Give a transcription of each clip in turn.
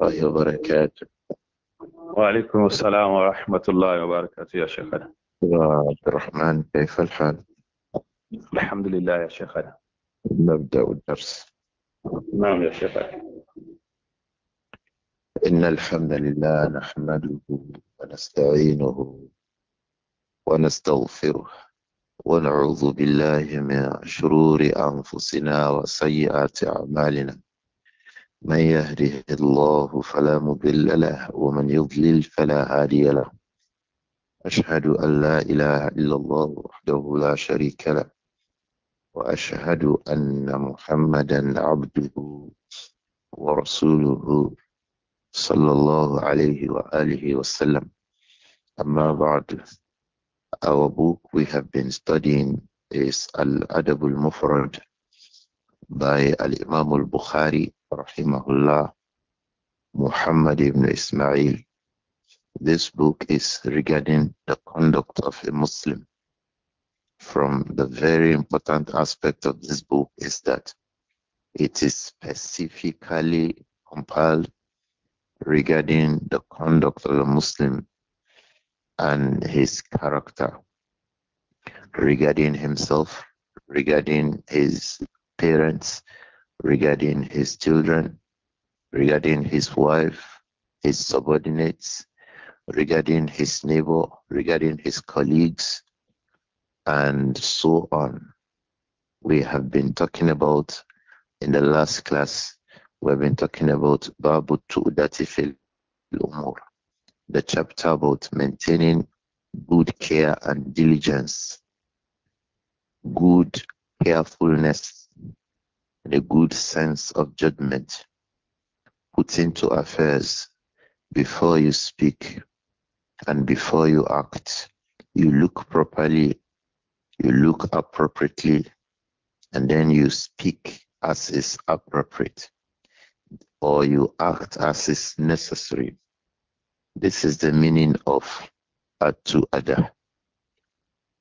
الله وبركاته وعليكم السلام ورحمة الله وبركاته يا شيخنا عبد الرحمن كيف الحال؟ الحمد لله يا شيخنا نبدأ الدرس نعم يا شيخنا إن الحمد لله نحمده ونستعينه ونستغفره ونعوذ بالله من شرور أنفسنا وسيئات أعمالنا من يهده الله فلا مضل له ومن يضلل فلا هادي له أشهد أن لا إله إلا الله وحده لا شريك له وأشهد أن محمدا عبده ورسوله صلى الله عليه وآله وسلم أما بعد our book we have been studying is Al-Adab al-Mufrad by Al-Imam al-Bukhari rahimahullah, Muhammad ibn Ismail. This book is regarding the conduct of a Muslim. From the very important aspect of this book is that it is specifically compiled regarding the conduct of a Muslim and his character, regarding himself, regarding his parents, regarding his children, regarding his wife, his subordinates, regarding his neighbor, regarding his colleagues, and so on. We have been talking about in the last class, we've been talking about Babu Tu'dati fil Umur, the chapter about maintaining good care and diligence, good carefulness and a good sense of judgment put into affairs before you speak and before you act. You look properly, you look appropriately, and then you speak as is appropriate or you act as is necessary. This is the meaning of to other,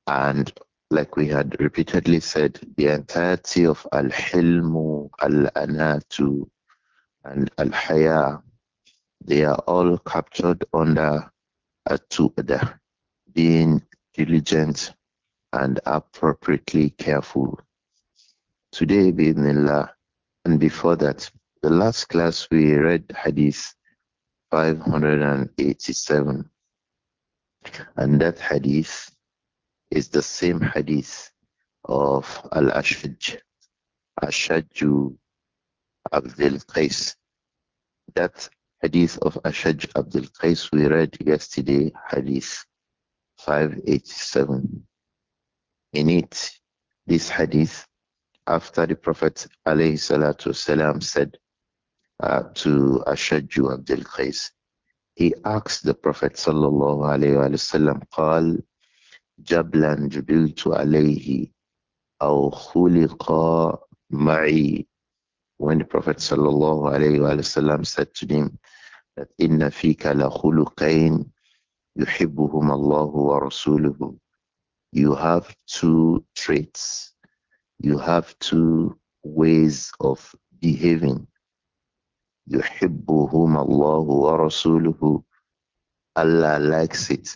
And like we had repeatedly said, the entirety of Al Hilmu, Al Anatu, and Al Haya, they are all captured under Atu'ada, being diligent and appropriately careful. Today, Bismillah, and before that, the last class we read Hadith 587, and that Hadith is the same hadith of Al Ashaj, Ashaju Abdul Qais. That hadith of Ashaj Abdul Qais we read yesterday, hadith 587. In it, this hadith, after the Prophet والسلام, said uh, to Ashaju Abdul Qais, he asked the Prophet sallallahu alayhi wa جبلا جبلت عليه أو خلق معي when the Prophet sallallahu alayhi wasallam said to them that inna fika la khuluqain yuhibbuhum Allah wa rasuluhu you have two traits you have two ways of behaving yuhibbuhum Allah wa rasuluhu Allah likes it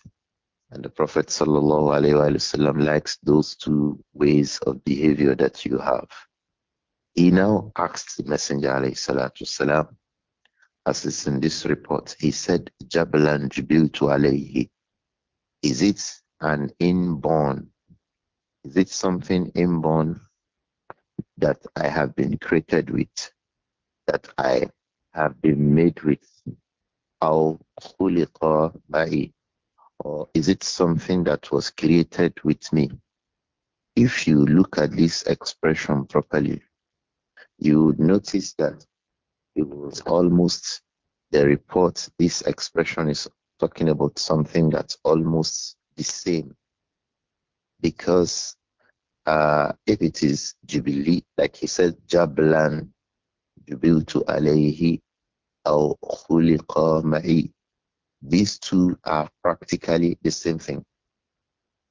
and the Prophet وسلم, likes those two ways of behavior that you have. He now asked the Messenger وسلم, as is in this report, he said, Jabalan Jibiltu alayhi. Is it an inborn? Is it something inborn that I have been created with, that I have been made with? أو خلق by?" Or is it something that was created with me? If you look at this expression properly, you would notice that it was almost the report this expression is talking about something that's almost the same because uh, if it is jubilee like he said jablan jubiltu alayhi or khuliqa ma'i these two are practically the same thing.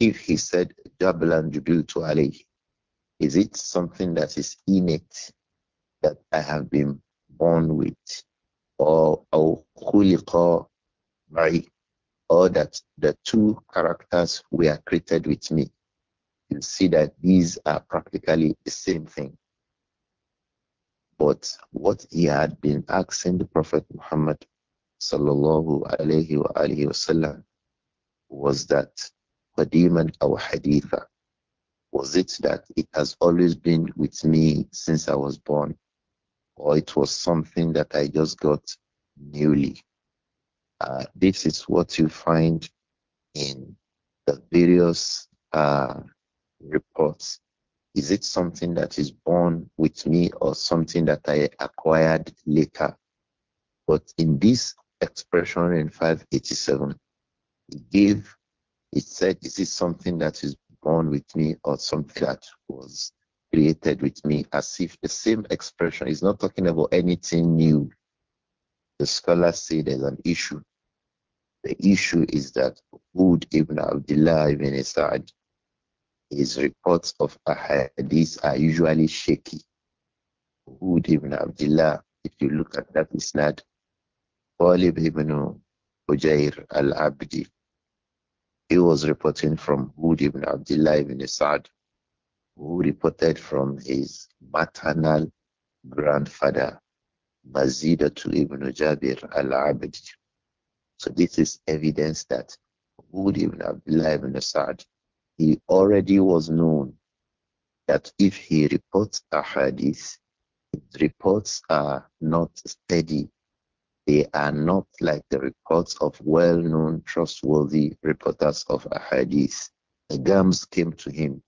If he said Jablan to alayhi, is it something that is innate that I have been born with? Or khuliqa ma'i? Or that the two characters were created with me? You see that these are practically the same thing. But what he had been asking the Prophet Muhammad sallallahu alayhi wa wasallam was that qadiman or haditha was it that it has always been with me since I was born or it was something that I just got newly uh, this is what you find in the various uh, reports is it something that is born with me or something that I acquired later? But in this expression in 587. He gave, it said, This is something that is born with me or something that was created with me, as if the same expression is not talking about anything new. The scholars say there's an issue. The issue is that Hud ibn Abdullah ibn Asad, would his reports of ahadith are usually shaky. Hud ibn Abdullah, if you look at that not. Talib Ujair al-Abdi. He was reporting from Hud ibn Abdullah ibn Sa'd, who reported from his maternal grandfather, to ibn Jabir al-Abdi. So this is evidence that Hud ibn Abdullah ibn Sa'd, he already was known that if he reports a hadith, his reports are not steady they are not like the reports of well known, trustworthy reporters of Ahadith. The Gams came to him,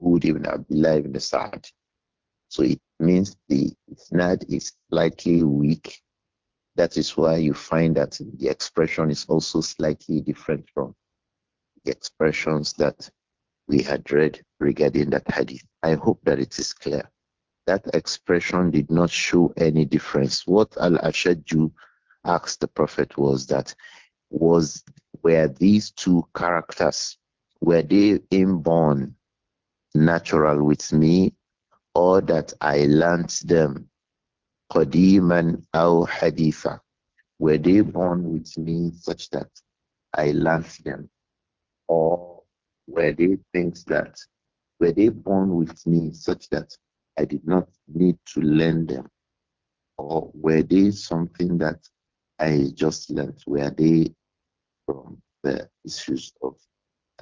who have ibn Abdullah ibn Sa'd. So it means the Isnad is slightly weak. That is why you find that the expression is also slightly different from the expressions that we had read regarding that hadith. I hope that it is clear. That expression did not show any difference. What Al do asked the Prophet was that was were these two characters were they inborn natural with me or that I learnt them Qadiman aw Haditha were they born with me such that I learnt them or were they things that were they born with me such that I did not need to learn them or were they something that I just learned where they from the issues of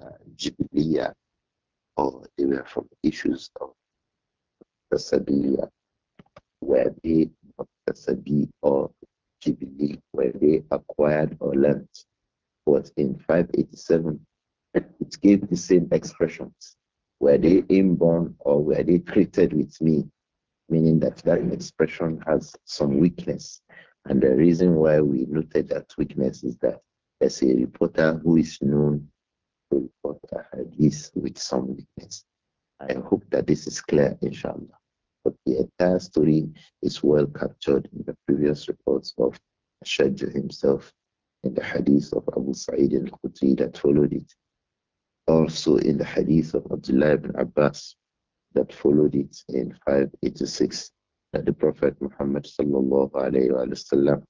uh, or they were from issues of Tasabilia? where they not Tasabi or Jibili? where they acquired or learned? But in 587, it gave the same expressions. Were they inborn or were they treated with me? Meaning that that expression has some weakness. And the reason why we noted that weakness is that there's a reporter who is known to report a hadith with some weakness. I hope that this is clear, inshallah. But the entire story is well captured in the previous reports of Shajj himself in the hadith of Abu Sa'id al-Khudri that followed it. Also in the hadith of Abdullah ibn Abbas that followed it in 586 that the Prophet Muhammad sallallahu alayhi wa sallam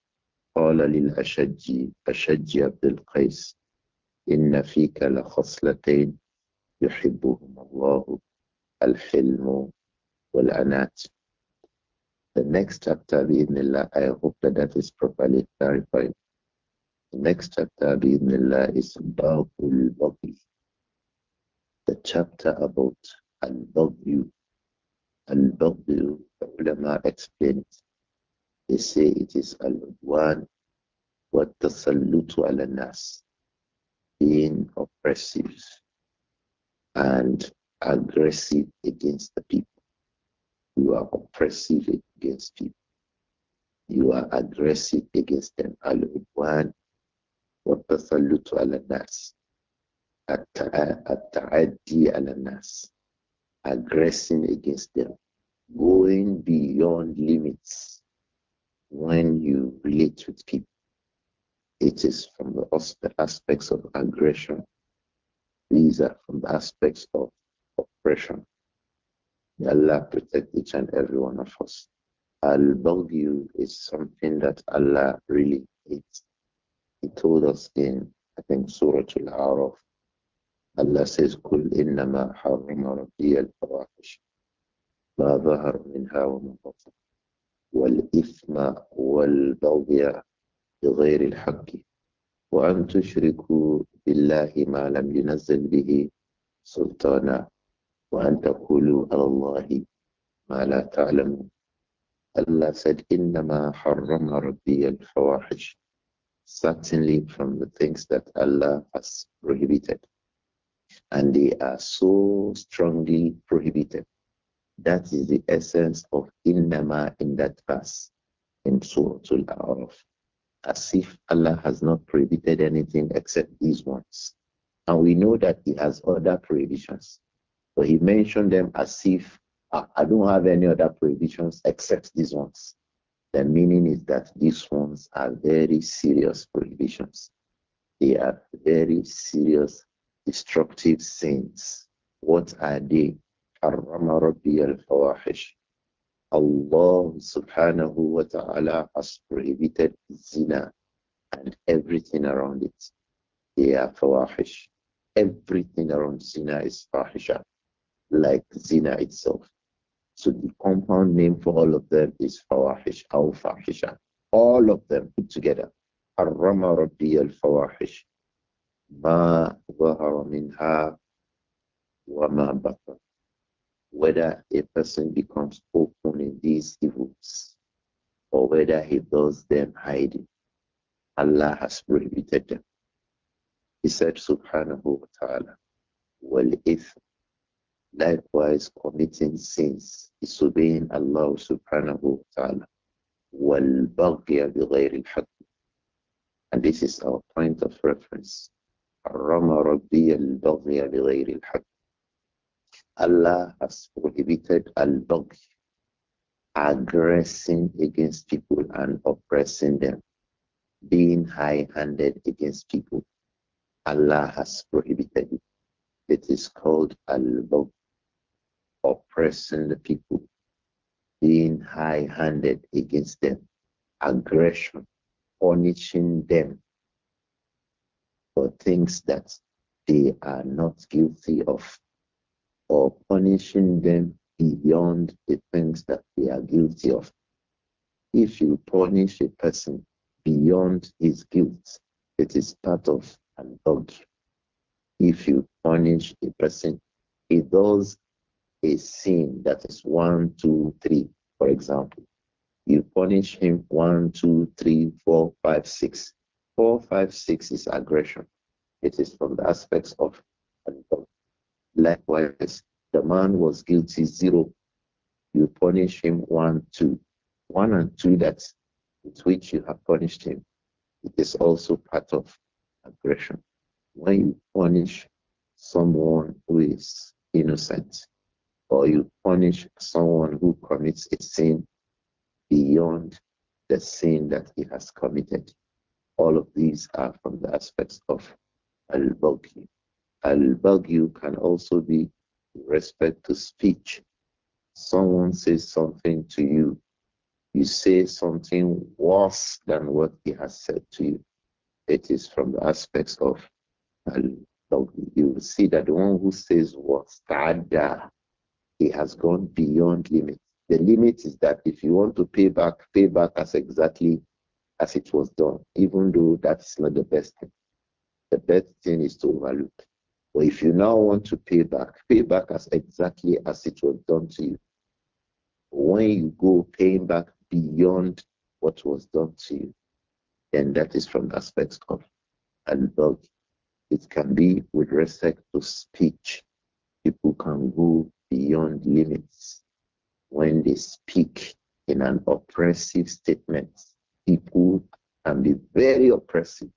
قال للأشجي أشجي عبد القيس إن فيك لخصلتين يحبهما الله الحلم والأنات The next chapter بإذن I hope that that is properly clarified The next chapter بإذن is باب البغي The chapter about al-baghi Al-Baghdil, the ulama explain it. They say it is al-udwan wa tasallutu wa-tasallu'tu nas, being oppressive and aggressive against the people. You are oppressive against people. You are aggressive against them. Al-udwan wa tasallutu al nas, at-ta'addi al nas aggressing against them, going beyond limits when you relate with people. It is from the aspects of aggression. These are from the aspects of oppression. May Allah protect each and every one of us. Al-Baghyu is something that Allah really hates. He told us in, I think, Surah Al-Araf, Allah says, Kul إنما حرم ربي الفواحش ما ظهر منها وما بطن والإثم والبغي بغير الحق وأن تشركوا بالله ما لم ينزل به سلطانا وأن تقولوا على الله ما لا تعلمون Allah said, إنما حرم ربي الفواحش certainly from the things that Allah has prohibited and they are so strongly prohibited. That is the essence of innama in that verse in so to araf As if Allah has not prohibited anything except these ones. And we know that He has other prohibitions. But He mentioned them as if ah, I don't have any other prohibitions except these ones. The meaning is that these ones are very serious prohibitions. They are very serious destructive sins. What are they? Harrama Rabbi al-Fawahish. Allah subhanahu wa ta'ala has prohibited zina and everything around it. They are fawahish. Everything around zina is fahisha, like zina itself. So the compound name for all of them is fawahish, al fahisha. All of them put together. Harrama Rabbi al-Fawahish ma ظهر منها وما بطن whether a person becomes open in these evils or whether he does them hiding. Allah has prohibited them. He said, Subhanahu wa ta'ala, well, if likewise committing sins, disobeying Allah subhanahu wa ta'ala, وَالْبَغْيَ بِغَيْرِ الْحَقِّ And this is our point of reference. حرم ربي البغي بغير الحق Allah has prohibited al-baghi, aggressing against people and oppressing them, being high-handed against people. Allah has prohibited it. It is called al-baghi, oppressing the people, being high-handed against them, aggression, punishing them for things that they are not guilty of or punishing them beyond the things that they are guilty of. If you punish a person beyond his guilt, it is part of adultery. If you punish a person, he does a sin that is one, two, three, for example. You punish him one, two, three, four, five, six. Four, five, six is aggression. It is from the aspects of Likewise, the man was guilty zero. You punish him one, two. One and two that with which you have punished him. It is also part of aggression. When you punish someone who is innocent, or you punish someone who commits a sin beyond the sin that he has committed. All of these are from the aspects of al-baghi. Al-baghi can also be respect to speech. Someone says something to you. You say something worse than what he has said to you. It is from the aspects of al-baghi. You will see that the one who says worse, that, he has gone beyond limits. The limit is that if you want to pay back, pay back as exactly as it was done, even though that's not the best thing. The best thing is to overlook. But if you now want to pay back, pay back as exactly as it was done to you. When you go paying back beyond what was done to you, then that is from the aspects of adult. It can be with respect to speech. People can go beyond limits when they speak in an oppressive statement people and be very oppressive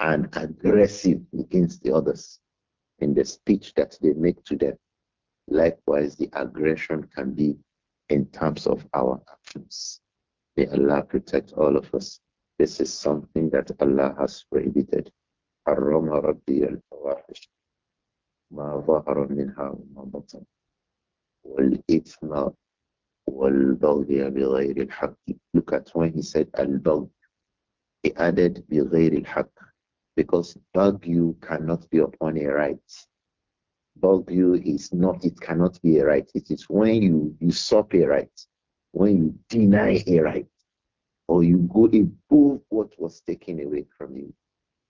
and aggressive against the others in the speech that they make to them. Likewise, the aggression can be in terms of our actions. May Allah protect all of us. This is something that Allah has prohibited. والإثم وَالْبَغْيَ بِغَيْرِ الْحَقِّ Look at when he said al-bagh. He added بِغَيْرِ الْحَقِّ because bagyu cannot be upon a right. Bagyu is not, it cannot be a right. It is when you usurp a right, when you deny a right, or you go above what was taken away from you.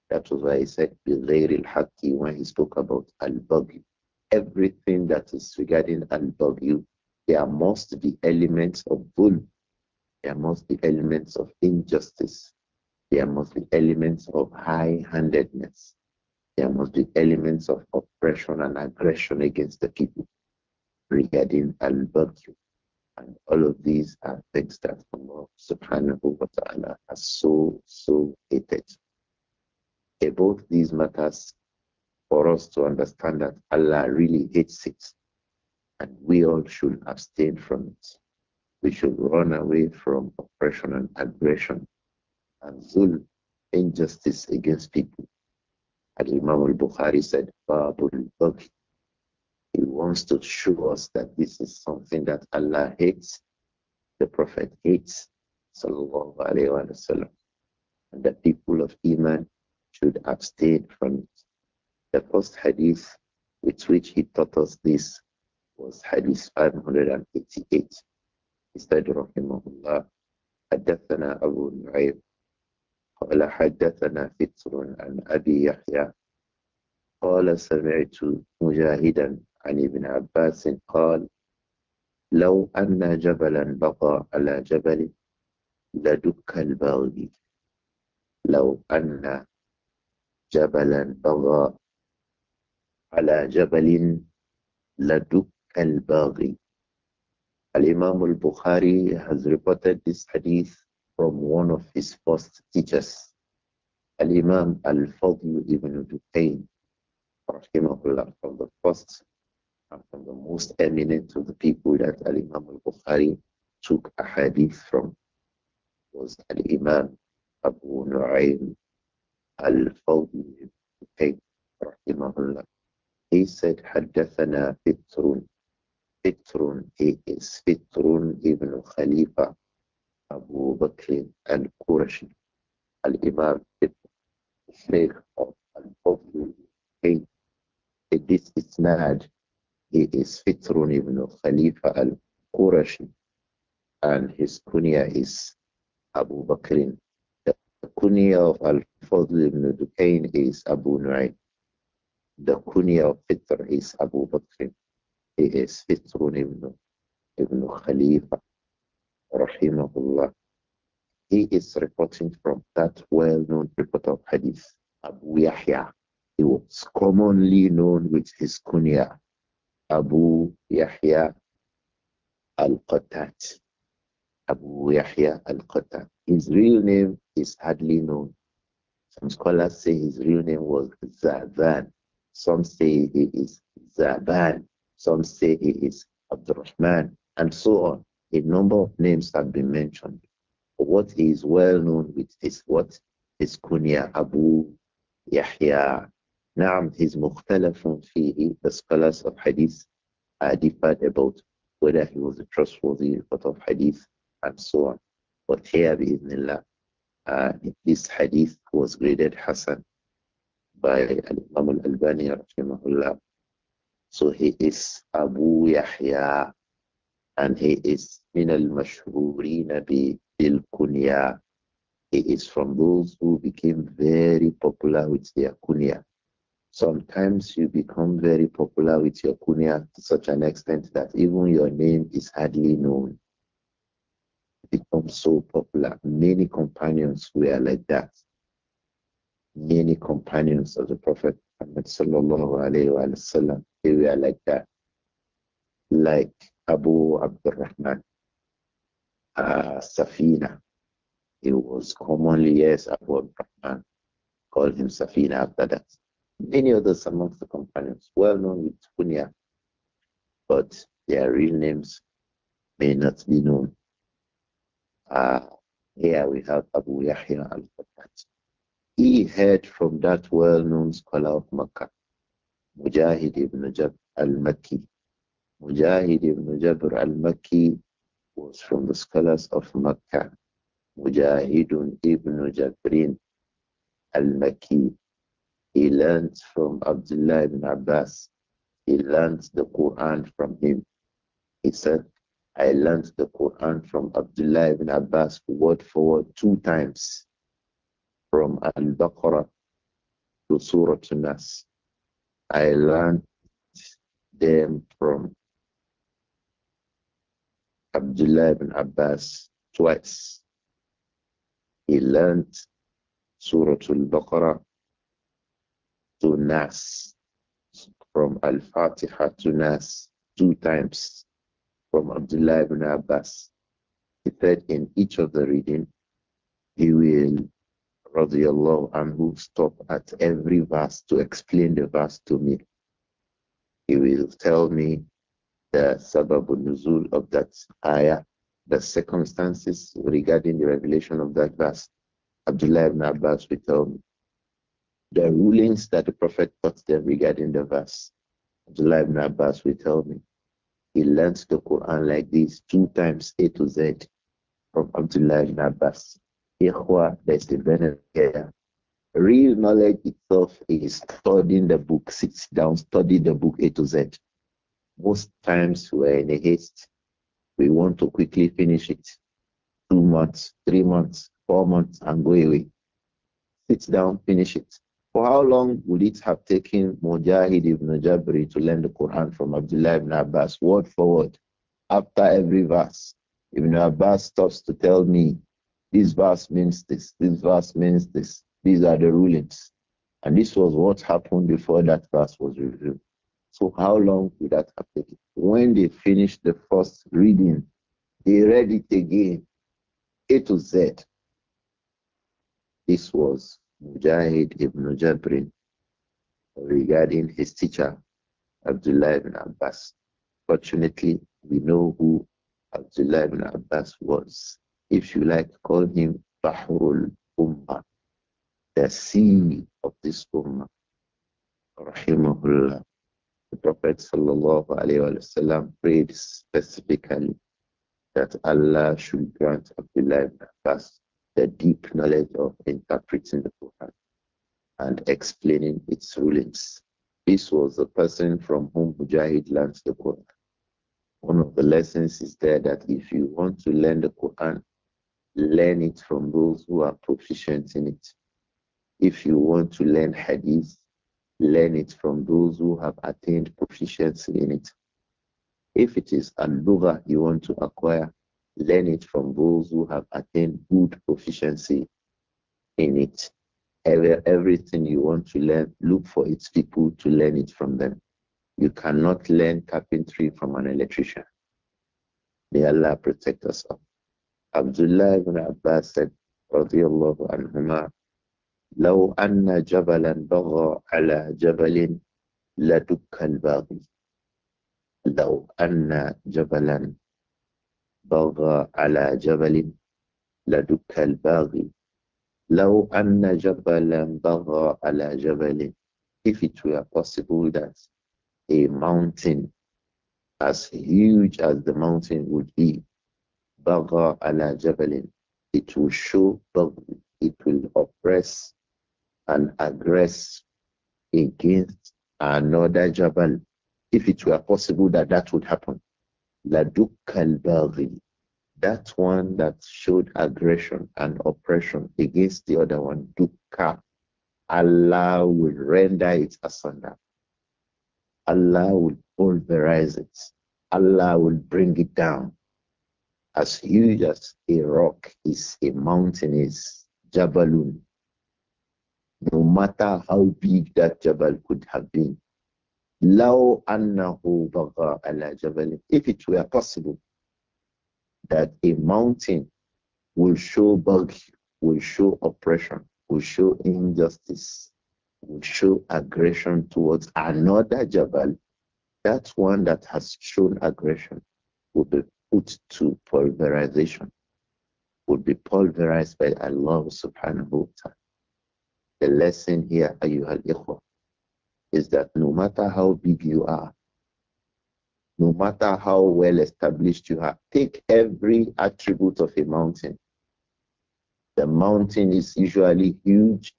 That was why he said بِغَيْرِ الْحَقِّ when he spoke about al-bagyu. Everything that is regarding al-bagyu there must be elements of bull, there must be elements of injustice, there must be elements of high handedness, there must be elements of oppression and aggression against the people regarding al bakr and all of these are things that Allah subhanahu wa ta'ala has so, so hated. About these matters, for us to understand that Allah really hates it and we all should abstain from it. We should run away from oppression and aggression and zul, injustice against people. And Imam al Bukhari said, He wants to show us that this is something that Allah hates, the Prophet hates, sallallahu And the people of Iman should abstain from it. The first hadith with which he taught us this was Hadith 588. He said, Rahimahullah, حدثنا أبو نعيم قال حدثنا فتر عن أبي يحيى قال سمعت مجاهدا عن ابن عباس قال لو أن جبلا بقى على جبل لدك الباغي لو أن جبلا بغى على جبل لدك al-Baghi. Al-Imam al-Bukhari has reported this hadith from one of his first teachers, Al-Imam al-Fadl ibn Duqayn, rahimahullah, from the first and from the most eminent of the people that Al-Imam al-Bukhari took a hadith from was Al-Imam Abu Nu'aym al-Fadl ibn Duqayn, rahimahullah. He said, حدثنا بكر Fitrun, he is Fitrun ibn Khalifa Abu Bakr al-Qurashi, al-Imam Sheikh of al-Fadl In this isnad, he is Fitrun ibn Khalifa al-Qurashi and his kunya is Abu Bakr. The kunya of al-Fadl ibn Dukain is Abu Nu'ayn. The kunya of Fitr is Abu Bakr. He is Fitun ibn, ibn Khalifa, rahimahullah. He is reporting from that well-known reporter of hadith, Abu Yahya. He was commonly known with his kunya, Abu Yahya al qatat Abu Yahya al qatat His real name is hardly known. Some scholars say his real name was Zaban. Some say he is Zaban. Some say he is Abdurrahman, and so on. A number of names have been mentioned. What he is well known with is what is kunya Abu Yahya. Naam, his mukhtalafun fihi, the scholars of hadith are differed about whether he was a trustworthy report of hadith and so on. But here, bi'idhnillah, uh, this hadith was graded Hassan by Imam al-Albani rahimahullah so he is Abu Yahya and he is min al mashhureen bi bil kunya. He is from those who became very popular with their kunya. Sometimes you become very popular with your kunya to such an extent that even your name is hardly known. You become so popular. Many companions were like that. Many companions of the Prophet Muhammad sallallahu alayhi wa sallam they were like that. Uh, like Abu Abdurrahman uh, Safina. It was commonly, yes, Abu Abdurrahman called him Safina after that. Many others amongst the companions, well known with tunia, but their real names may not be known. Uh, here we have Abu Yahya al-Fakat. He heard from that well-known scholar of Makkah, Mujahid ibn Jabr al-Makki. Mujahid ibn Jabr al-Makki was from the scholars of Mecca. Mujahidun ibn Jabrin al-Makki. He learned from Abdullah ibn Abbas. He learned the Quran from him. He said, I learned the Quran from Abdullah ibn Abbas word for word two times from Al-Baqarah to Surah An-Nas. I learned them from Abdullah ibn Abbas twice. He learned Surah Al-Baqarah to Nas, from Al-Fatiha to Nas two times from Abdullah ibn Abbas. He said in each of the reading, he will radiallahu anhu stop at every verse to explain the verse to me. He will tell me the sababun nuzul of that ayah, the circumstances regarding the revelation of that verse. Abdullah ibn Abbas will tell me the rulings that the Prophet taught them regarding the verse. Abdullah ibn Abbas will tell me he learned the Quran like this two times A to Z from Abdullah ibn Abbas. Ikhwa, that's the benefit Real knowledge itself is studying the book, sit down, study the book A to Z. Most times we're in a haste. We want to quickly finish it. Two months, three months, four months, and go away. Sit down, finish it. For how long would it have taken Mujahid ibn Jabri to learn the Quran from Abdullah ibn Abbas, word for word, after every verse? Ibn Abbas stops to tell me this verse means this. This verse means this. These are the rulings. And this was what happened before that verse was revealed. So how long would that have taken? When they finished the first reading, they read it again, A to Z. This was Mujahid ibn Jabrin regarding his teacher, Abdullah ibn Abbas. Fortunately, we know who Abdullah ibn Abbas was. If you like, call him Bahrul Ummah, the sea of this Ummah. Rahimahullah. The Prophet sallallahu alayhi wasallam prayed specifically that Allah should grant Abdullah ibn Abbas the deep knowledge of interpreting the Quran and explaining its rulings. This was the person from whom Mujahid learned the Quran. One of the lessons is there that if you want to learn the Quran, learn it from those who are proficient in it. If you want to learn hadith, learn it from those who have attained proficiency in it. If it is a lugha you want to acquire, learn it from those who have attained good proficiency in it. Every, everything you want to learn, look for its people to learn it from them. You cannot learn carpentry from an electrician. May Allah protect us all. عبد الله بن عباس رضي الله عنهما لو أن جبلا بغى على جبل لدك الباغي لو أن جبلا بغى على جبل لدك الباغي لو أن جبلا بغى على جبل if it were possible that a mountain as huge as the mountain would be baga ala jabalin. It will show, it will oppress and aggress against another jabal. If it were possible that that would happen, laduk al-baghi, that one that showed aggression and oppression against the other one, dukka, Allah will render it asunder. Allah will pulverize it. Allah will bring it down as huge as a rock is, a mountain is, Jabalun. No matter how big that Jabal could have been. annahu baga ala jabalin. If it were possible that a mountain will show baghi, will show oppression, will show injustice, will show aggression towards another Jabal, that one that has shown aggression will be put to pulverization would be pulverized by Allah subhanahu wa ta'ala. The lesson here, ayyuhal ikhwa, is that no matter how big you are, no matter how well established you are, take every attribute of a mountain. The mountain is usually huge,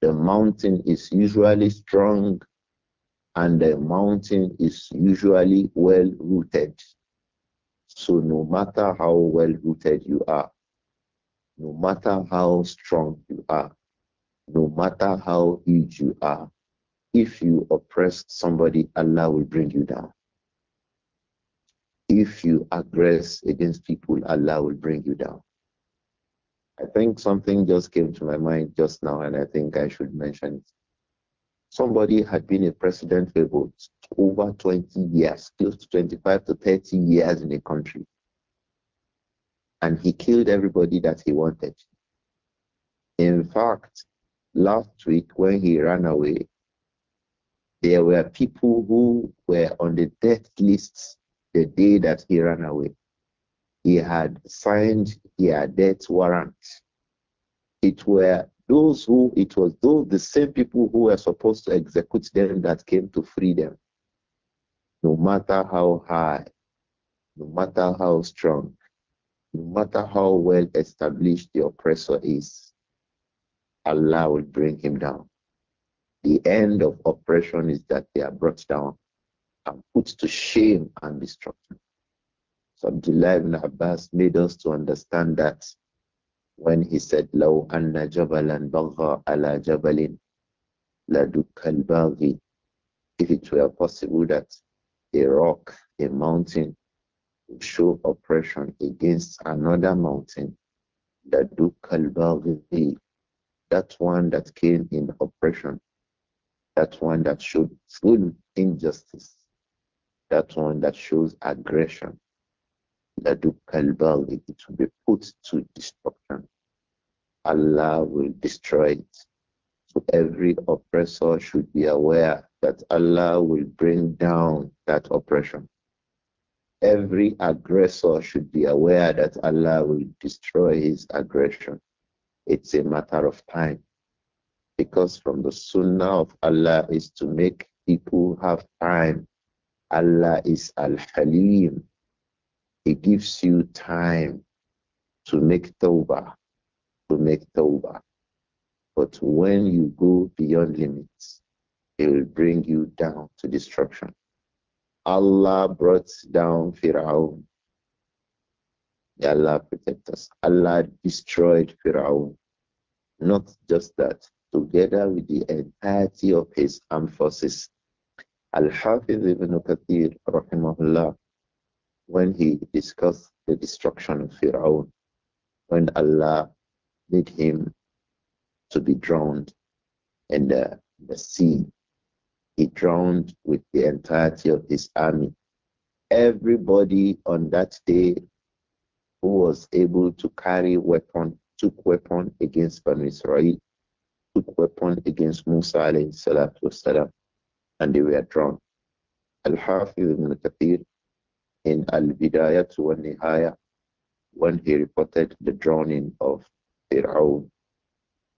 the mountain is usually strong, and the mountain is usually well rooted. So no matter how well rooted you are, no matter how strong you are, no matter how huge you are, if you oppress somebody, Allah will bring you down. If you aggress against people, Allah will bring you down. I think something just came to my mind just now, and I think I should mention it. Somebody had been a president for about over 20 years, close to 25 to 30 years in a country. And he killed everybody that he wanted. In fact, last week when he ran away, there were people who were on the death lists the day that he ran away. He had signed their death warrant. It were those who it was those the same people who were supposed to execute them that came to free them. No matter how high, no matter how strong, no matter how well established the oppressor is, Allah will bring him down. The end of oppression is that they are brought down and put to shame and destruction. So Abdullah ibn Abbas made us to understand that when he said, Law anna jabalan bagha ala jabalin dukal baghi. If it were possible that a rock, a mountain, would show oppression against another mountain, dukal baghi, that one that came in oppression, that one that showed full injustice, that one that shows aggression, Ladukal it will be put to destruction. Allah will destroy it. So every oppressor should be aware that Allah will bring down that oppression. Every aggressor should be aware that Allah will destroy his aggression. It's a matter of time. Because from the sunnah of Allah is to make people have time. Allah is Al Halim, it gives you time to make tawbah, to make tawbah. But when you go beyond limits, it will bring you down to destruction. Allah brought down Firaun. Allah protect us. Allah destroyed Firaun. Not just that, together with the entirety of his armed forces. Al-Hafiz ibn Kathir, rahimahullah, when he discussed the destruction of Pharaoh, when Allah made him to be drowned in the, the sea. He drowned with the entirety of his army. Everybody on that day who was able to carry weapon took weapon against Banu Israel, took weapon against Musa alayhi salatu wasalam, and they were drowned. Al-Hafiz ibn Kathir in Al-Bidayat wa Nihaya when he reported the drowning of Fir'aun,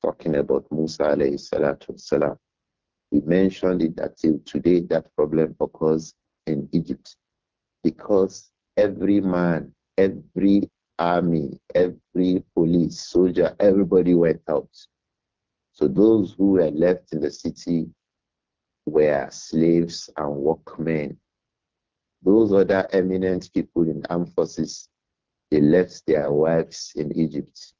talking about Musa alayhi salatu wasalam. He mentioned it that till today that problem occurs in Egypt because every man, every army, every police, soldier, everybody went out. So those who were left in the city were slaves and workmen those other eminent people in armed forces, they left their wives in Egypt.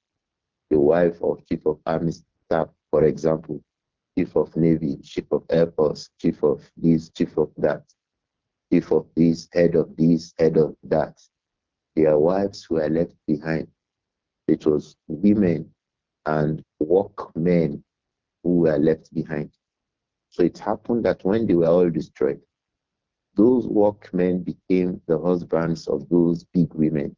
The wife of chief of army staff, for example, chief of navy, chief of air force, chief of this, chief of that, chief of this, head of this, head of that. Their wives were left behind. It was women and workmen who were left behind. So it happened that when they were all destroyed, those workmen became the husbands of those big women,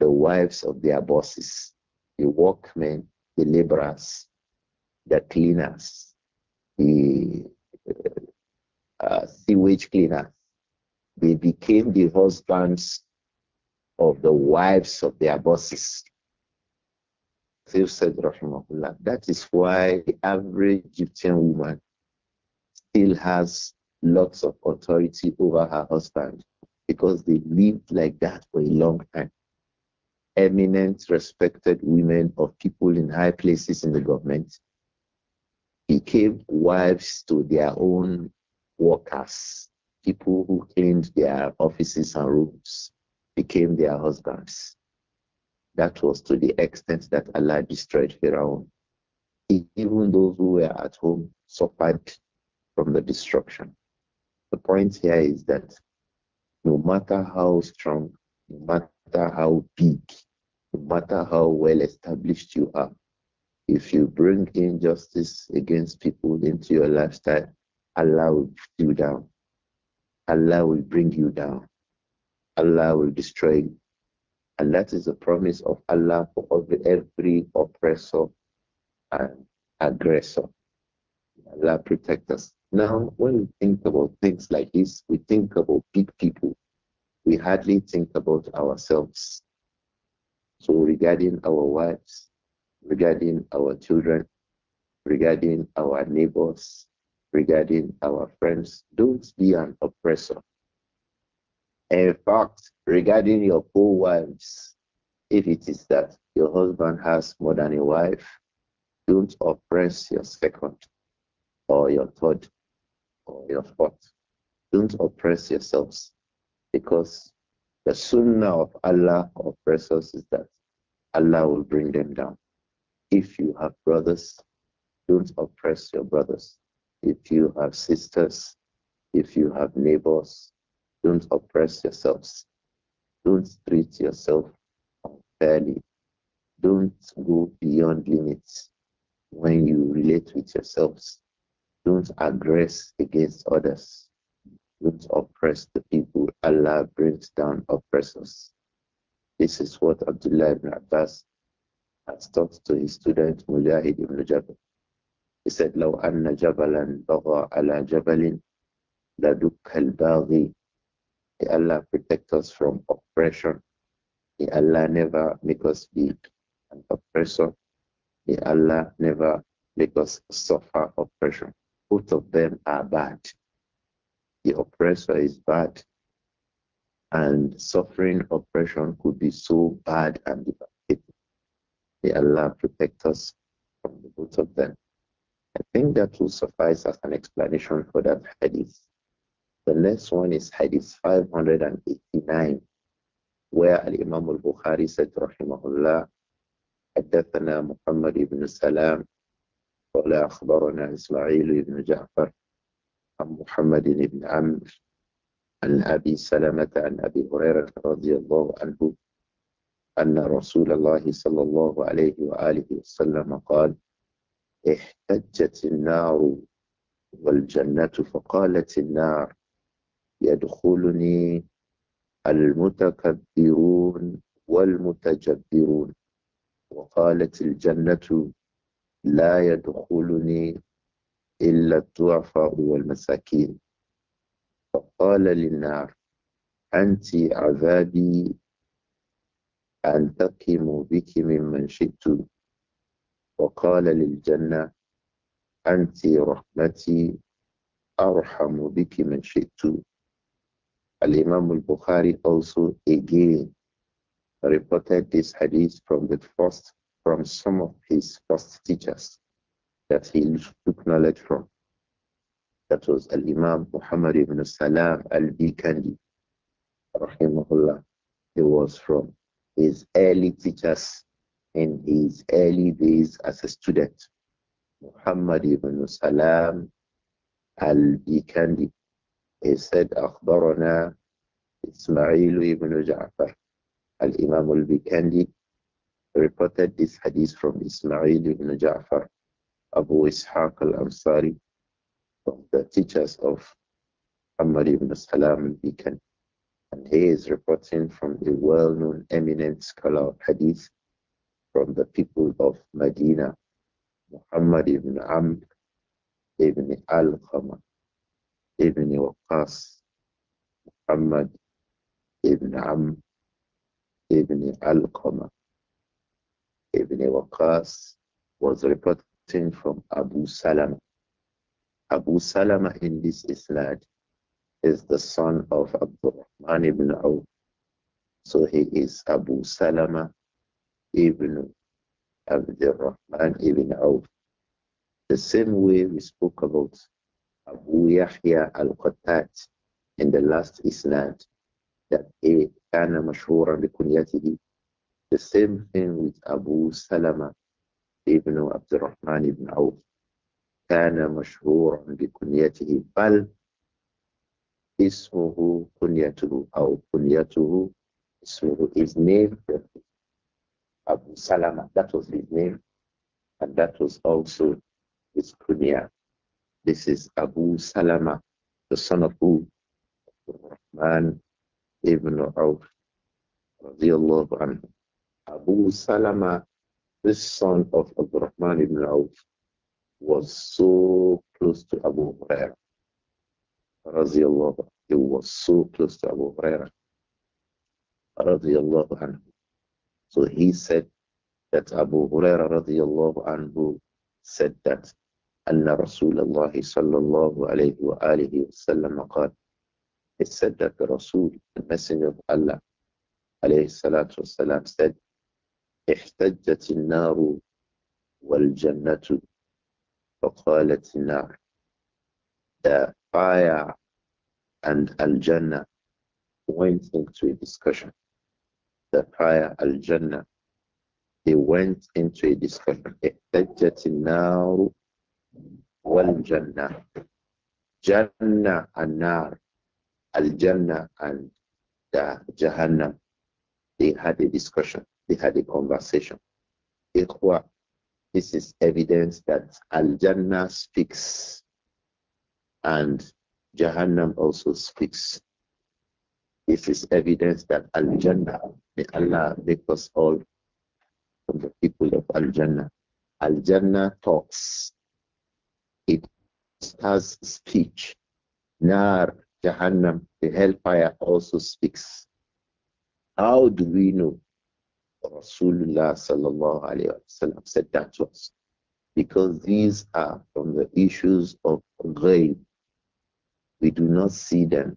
the wives of their bosses, the workmen, the laborers, the cleaners, the uh, uh sewage cleaners. They became the husbands of the wives of their bosses. That is why the average Egyptian woman still has lots of authority over her husband because they lived like that for a long time. Eminent, respected women of people in high places in the government became wives to their own workers, people who cleaned their offices and rooms, became their husbands. That was to the extent that Allah destroyed Pharaoh. Even those who were at home suffered from the destruction. The point here is that no matter how strong, no matter how big, no matter how well established you are, if you bring injustice against people into your lifestyle, Allah will put you down. Allah will bring you down. Allah will destroy you. And that is the promise of Allah for every oppressor and aggressor. Allah protect us. Now, when we think about things like this, we think about big people. We hardly think about ourselves. So, regarding our wives, regarding our children, regarding our neighbors, regarding our friends, don't be an oppressor. In fact, regarding your poor wives, if it is that your husband has more than a wife, don't oppress your second or your third your thoughts. Don't oppress yourselves because the sunnah of Allah oppressors is that Allah will bring them down. If you have brothers, don't oppress your brothers. If you have sisters, if you have neighbors, don't oppress yourselves. Don't treat yourself unfairly. Don't go beyond limits when you relate with yourselves. Don't aggress against others. Don't oppress the people. Allah brings down oppressors. This is what Abdullah ibn Abbas has taught to his student Mujahid ibn Jabal. He said, لو أن جبلا بغى على جبل لدك الباغي May Allah protect us from oppression. May Allah never make us be an oppressor. May Allah never make us suffer oppression. Both of them are bad. The oppressor is bad, and suffering oppression could be so bad and devastating. May Allah protect us from the both of them. I think that will suffice as an explanation for that hadith. The next one is hadith 589, where Al Imam al Bukhari said, Rahimahullah, حدثنا محمد بن سلام قال أخبرنا إسماعيل بن جعفر عن محمد بن عمرو عن أبي سلمة عن أبي هريرة رضي الله عنه أن رسول الله صلى الله عليه وآله وسلم قال احتجت النار والجنة فقالت النار يدخلني المتكبرون والمتجبرون وقالت الجنة لا يدخلني إلا الضعفاء والمساكين فقال للنار أنت عذابي أنتقم بك ممن شئت وقال للجنة أنت رحمتي أرحم بك من شئت imam al-Bukhari also again reported this hadith from the first from some of his first teachers that he took knowledge from. That was Al Imam Muhammad ibn Salam al Bikandi. Rahimahullah. He was from his early teachers in his early days as a student. Muhammad ibn Salam al Bikandi. He said, أخبرنا إسماعيل ibn Ja'far. Al Imam al Bikandi reported this hadith from Ismail ibn Ja'far, Abu Ishaq al-Ansari, of the teachers of Ahmad ibn Salam al-Bikan. And he is reporting from a well-known eminent scholar of hadith from the people of Medina, Muhammad ibn Amr ibn al-Khamah ibn Waqas, Muhammad ibn Amr ibn al-Qama ibn Waqas was reporting from Abu Salama. Abu Salama in this isnad is the son of Abdurrahman ibn Awf. So he is Abu Salama ibn Abdurrahman ibn Awf. The same way we spoke about Abu Yahya al-Qattat in the last isnad that he كان مشهورا بكنيته the same thing with Abu Salama ibn Abdurrahman ibn Auf. كان مشهورا بكنيته بل اسمه كنيته أو كنيته اسمه his name Abu Salama that was his name and that was also his kunya this is Abu Salama the son of who Rahman ibn Auf رضي الله عنه Abu Salama, this son of Abdurrahman ibn Auf, was so close to Abu Huraira. Radiallahu He was so close to Abu Huraira. Radiallahu anhu. So he said that Abu Huraira radiallahu anhu said that أن رسول الله صلى الله عليه وآله وسلم قال He said that the Rasul, the Messenger of Allah عليه الصلاة والسلام said احتجت النار والجنة فقالت النار The fire and Al-Jannah went into a discussion. The fire, Al-Jannah, they went into a discussion. احتجت النار والجنة Jannah and Nar, Al-Jannah and the Jahannam, they had a discussion. They had a conversation. This is evidence that Al Jannah speaks and Jahannam also speaks. This is evidence that Al Jannah, may Allah make us all from the people of Al Jannah. Al Jannah talks, it has speech. Nar, Jahannam, the hellfire also speaks. How do we know? Rasulullah sallallahu alayhi wa sallam said that to us. Because these are from the issues of ghaib. We do not see them.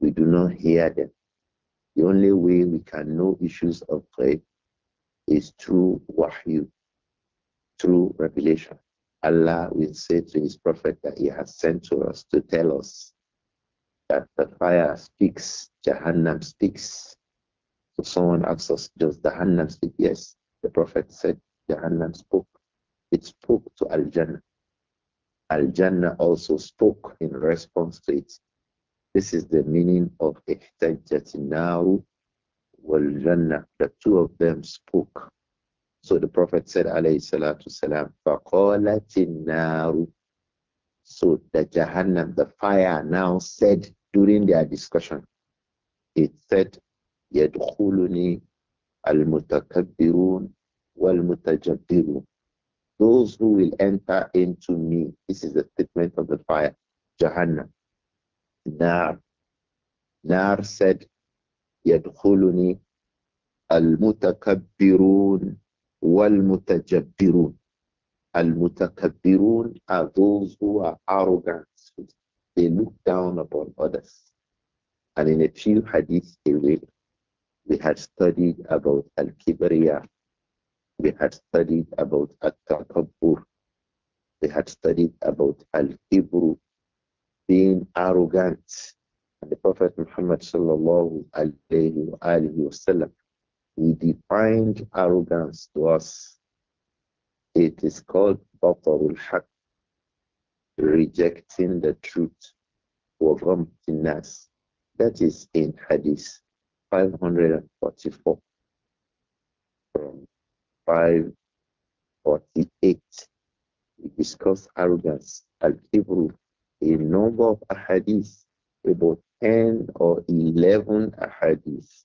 We do not hear them. The only way we can know issues of ghaib is through wahyu, through revelation. Allah will say to his prophet that he has sent to us to tell us that the fire speaks, Jahannam speaks, so someone asks us, does the Jahannam speak? Yes, the Prophet said the Jahannam spoke. It spoke to Al Jannah. Al Jannah also spoke in response to it. This is the meaning of Ihtajat Naru wal Jannah. The two of them spoke. So the Prophet said, alayhi salatu salam, naru. So the Jahannam, the fire now said during their discussion, it said, يدخلني المتكبرون والمتجبرون those who will enter into me this is the statement of the fire Jahannam Nar Nar said wal المتكبرون والمتجبرون mutakbirun are those who are arrogant they look down upon others and in a few hadiths they will we had studied about Al Kibriya. We had studied about At Takabur. We had studied about Al Kibru, being arrogant. And the Prophet Muhammad sallallahu alayhi sallam, he defined arrogance to us. It is called Batarul Haq, rejecting the truth. That is in Hadith 544 from 548. We discussed arrogance, al-kibru, a number of ahadith, about 10 or 11 ahadith,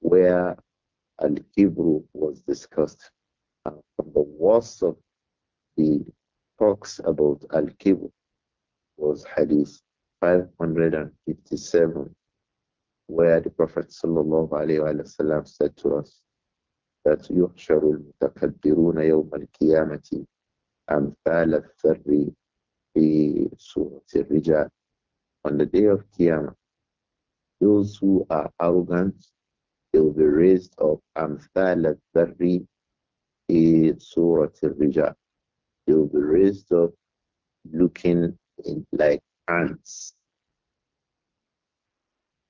where al-kibru was discussed. And from the worst of the talks about al-kibru was hadith 557 where the Prophet وسلم, said to us that يُحْشَرُ الْمُتَكَبِّرُونَ يَوْمَ الْقِيَامَةِ أَمْثَالَ الثَّرِّ فِي سُورَةِ الرِّجَالِ On the day of Qiyamah, those who are arrogant, they will be raised up أَمْثَالَ الثَّرِّ فِي سُورَةِ الرِّجَالِ They will be raised up looking like ants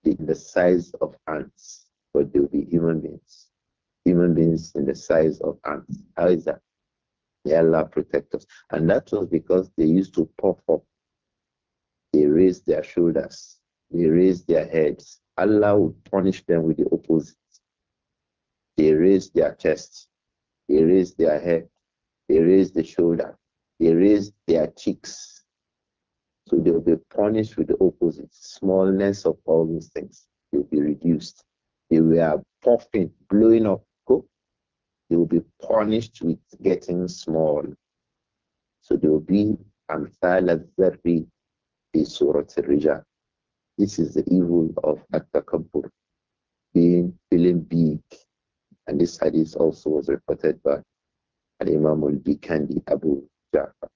in the size of ants, but they'll be human beings. Human beings in the size of ants. How is that? They Allah protectors, And that was because they used to puff up. They raised their shoulders. They raised their heads. Allah would punish them with the opposite. They raised their chest. They raised their head. They raised the shoulder. They raised their cheeks so they'll be punished with the opposite smallness of all these things. They'll be reduced. They were puffing, blowing up. Go. They will be punished with getting small. So they will be amthala al-zarri This is the evil of at being feeling big. And this hadith also was reported by al-Imam al-Bikandi Abu Ja'far.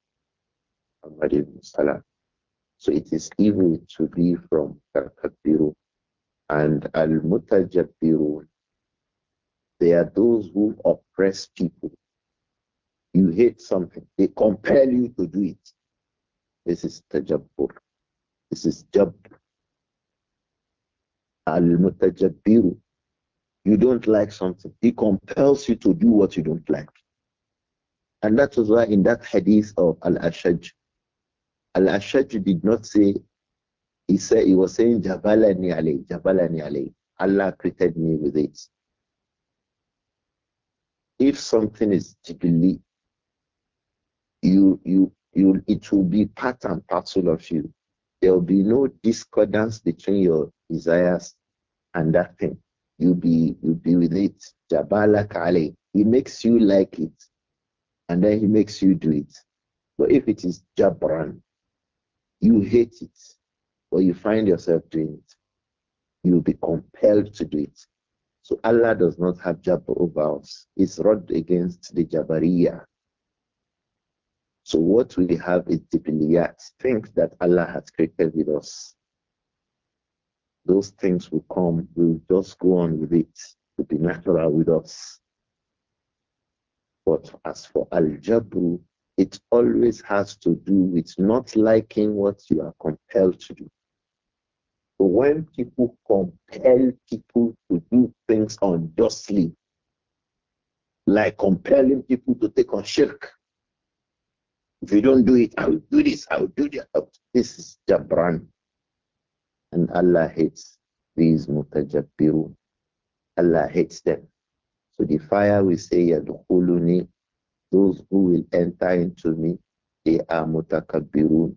Muhammad ibn Salah. So it is evil to be from Takabbiru. And Al Mutajabbiru, they are those who oppress people. You hate something, they compel you to do it. This is Tajabbur. This is Jab. Al Mutajabbiru. You don't like something, he compels you to do what you don't like. And that is why in that hadith of Al Ashaj, Al Ashaj did not say, he said he was saying Jabalani Ali, Jabalani Ali. Allah created me with it. If something is Jibili, you you you it will be part and parcel of you. There will be no discordance between your desires and that thing. You'll be you'll be with it. Jabala Ali. He makes you like it. And then he makes you do it. But if it is Jabran, you hate it, but you find yourself doing it. You'll be compelled to do it. So Allah does not have jabr over us. It's rod against the Jabariya. So what we have is the biliyat, things that Allah has created with us. Those things will come, we'll just go on with it, It'll be natural with us. But as for al-jabru, it always has to do with not liking what you are compelled to do. So when people compel people to do things unjustly, like compelling people to take on shirk, if you don't do it, I will do this, I will do that. This is Jabran. And Allah hates these mutajabbiru. Allah hates them. So the fire will say, Yadkhuluni those who will enter into me, they are mutakabirun.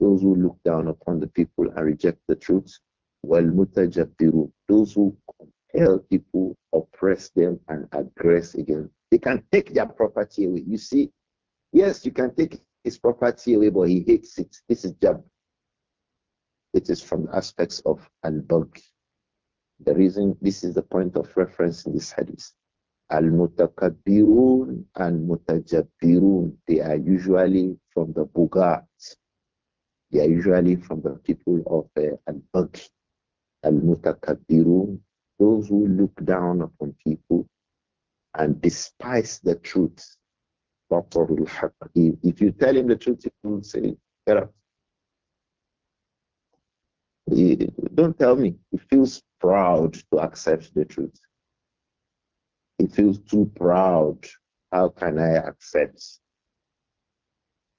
Those who look down upon the people and reject the truth, well, mutajabirun. Those who compel people, oppress them, and aggress against. They can take their property away. You see, yes, you can take his property away, but he hates it. This is jab. It is from the aspects of al-bug. The reason this is the point of reference in this hadith Al Mutakabbirun and Mutajabbirun, they are usually from the Bugat. They are usually from the people of uh, Al Baghi. Al Mutakabbirun, those who look down upon people and despise the truth. If you tell him the truth, he will say, Get up. Don't tell me. He feels proud to accept the truth. He feels too proud. How can I accept?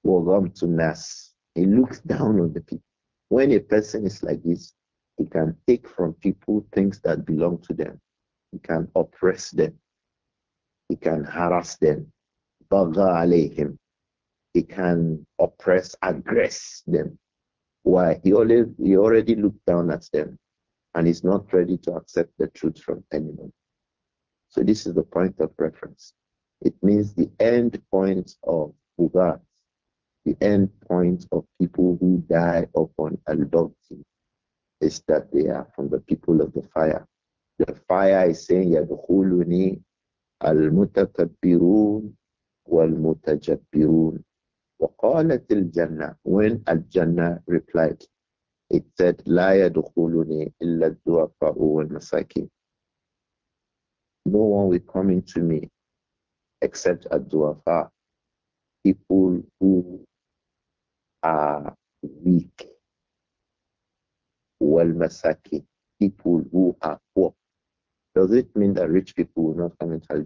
Welcome to Nas. He looks down on the people. When a person is like this, he can take from people things that belong to them. He can oppress them. He can harass them. Baga alayhim. He can oppress, aggress them. Why? He, already he already looked down at them and is not ready to accept the truth from anyone. So this is the point of reference. It means the end point of Bugat, the end point of people who die upon adultery, is that they are from the people of the fire. The fire is saying, Yadkhuluni al-mutakabbirun wal-mutajabbirun. وقالت الجنة when الجنة replied it said لا يدخلني إلا الضعفاء والمساكين no one will come into me except a duafa people who are weak. well masaki people who are poor. Does it mean that rich people will not come into al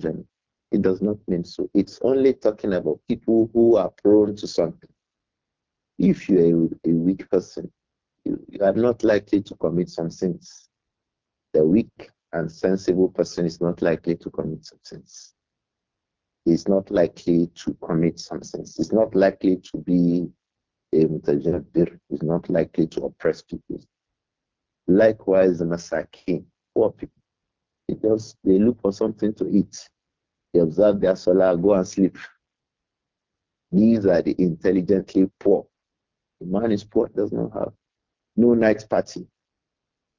It does not mean so. It's only talking about people who are prone to something. If you are a, weak person, you, you are not likely to commit some sins. The weak and sensible person is not likely to commit some sins. He's not likely to commit some sins. He's not likely to be a mutajabir. He's not likely to oppress people. Likewise, the masakin, poor people. Because they look for something to eat. They observe their solar, go and sleep. These are the intelligently poor. The man is poor, does not have no night party,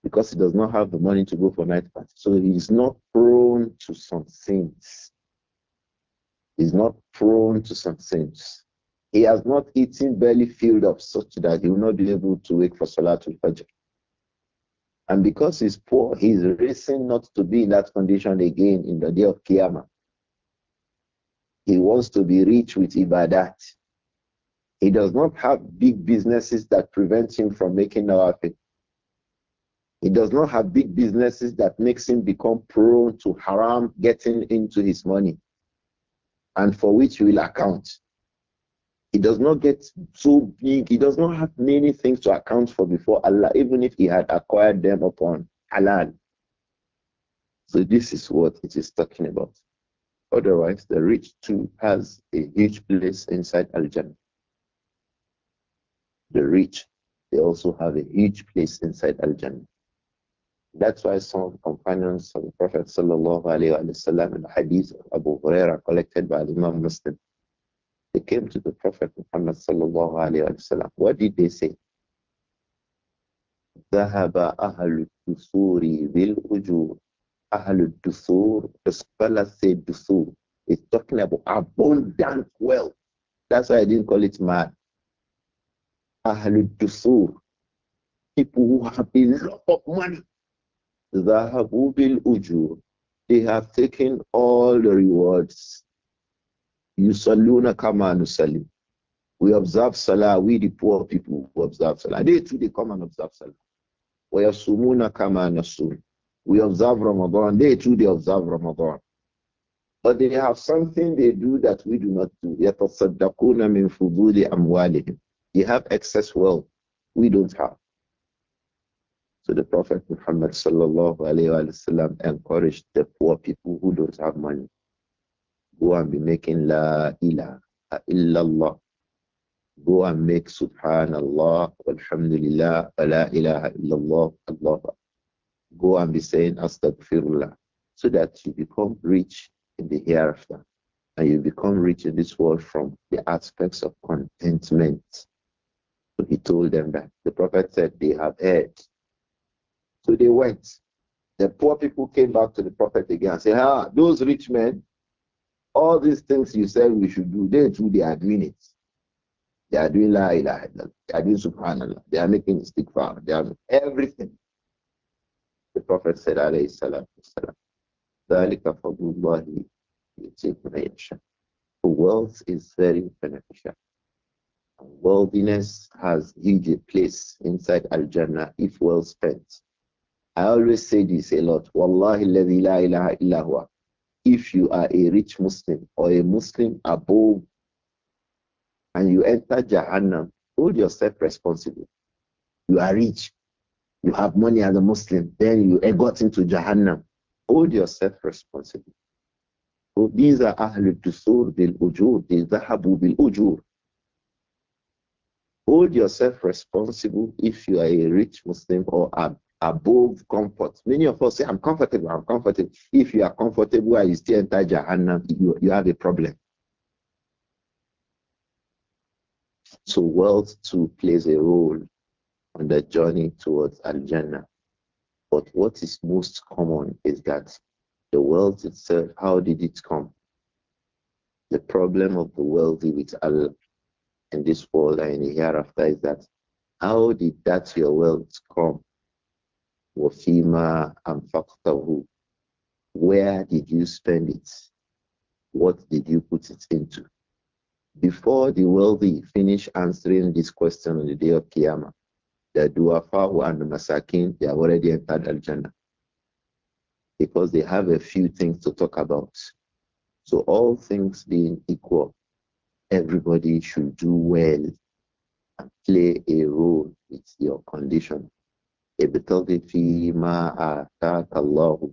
because he does not have the money to go for night party. So he is not prone to some sins. He's not prone to some sins. He has not eaten belly filled up such that he will not be able to wake for Salatul Fajr. And because he's poor, he's racing not to be in that condition again in the day of Qiyamah. He wants to be rich with Ibadat. He does not have big businesses that prevent him from making nawafil. He does not have big businesses that makes him become prone to haram getting into his money and for which he will account. He does not get so big, he does not have many things to account for before Allah, even if he had acquired them upon halal. So this is what it is talking about. Otherwise, the rich too has a huge place inside Al Jannah. The rich, they also have a huge place inside Al Jannah. That's why some companions of the Prophet sallallahu wasallam in the hadith of Abu Huraira collected by the Imam Muslim, they came to the Prophet Muhammad sallallahu wasallam. What did they say? ذهب أهل الدثور بالأجور أهل الدثور the scholar said "Dusur." It's talking about abundant wealth that's why I didn't call it mad أهل الدثور people who have a lot of money ذَهَبُوا بِالْأُجُورِ They have taken all the rewards. يُصَلُّونَ كَمَا نُصَلِّ We observe Salah, we the poor people who observe Salah. They too, they come and observe Salah. وَيَصُومُونَ كَمَا نَصُومُ We observe Ramadan, they too, they observe Ramadan. But they have something they do that we do not do. يَتَصَدَّقُونَ مِنْ فُضُولِ أَمْوَالِهِمْ They have excess wealth we don't have. So the Prophet Muhammad sallallahu alayhi wa sallam encouraged the poor people who don't have money. Go and be making la ilaha illallah. Go and make subhanallah, alhamdulillah, la ilaha illallah, Allah. Go and be saying astaghfirullah. So that you become rich in the hereafter. And you become rich in this world from the aspects of contentment. So he told them that. The Prophet said, They have heard so they went. The poor people came back to the prophet again and said, Ah, those rich men, all these things you said we should do, they too, they are doing it. They are doing la ilaha illallah. They are doing subhanallah. They are making stick farm. They are everything. The Prophet said, alayhi salatu wasalam, ذَلِكَ Wealth is very beneficial. Worldliness has huge place inside Al Jannah if well spent. I always say this a lot. Wallahi la ilaha illahua. If you are a rich Muslim or a Muslim above and you enter Jahannam, hold yourself responsible. You are rich. You have money as a Muslim. Then you got into Jahannam. Hold yourself responsible. So these are Ahlul Dusur bil Ujur, the Zahabu bil Ujur. Hold yourself responsible if you are a rich Muslim or above above comfort. Many of us say, I'm comfortable, I'm comfortable. If you are comfortable and you still enter Jahannam, um, you, you have a problem. So wealth too plays a role on the journey towards Al-Jannah. But what is most common is that the wealth itself, how did it come? The problem of the wealthy with Allah in this world and in the hereafter is that how did that your wealth come? Wafima and Where did you spend it? What did you put it into? Before the wealthy finish answering this question on the day of Qiyamah, the Duafahu and the Masakin, they have already entered Al Jannah because they have a few things to talk about. So, all things being equal, everybody should do well and play a role with your condition آتاك الله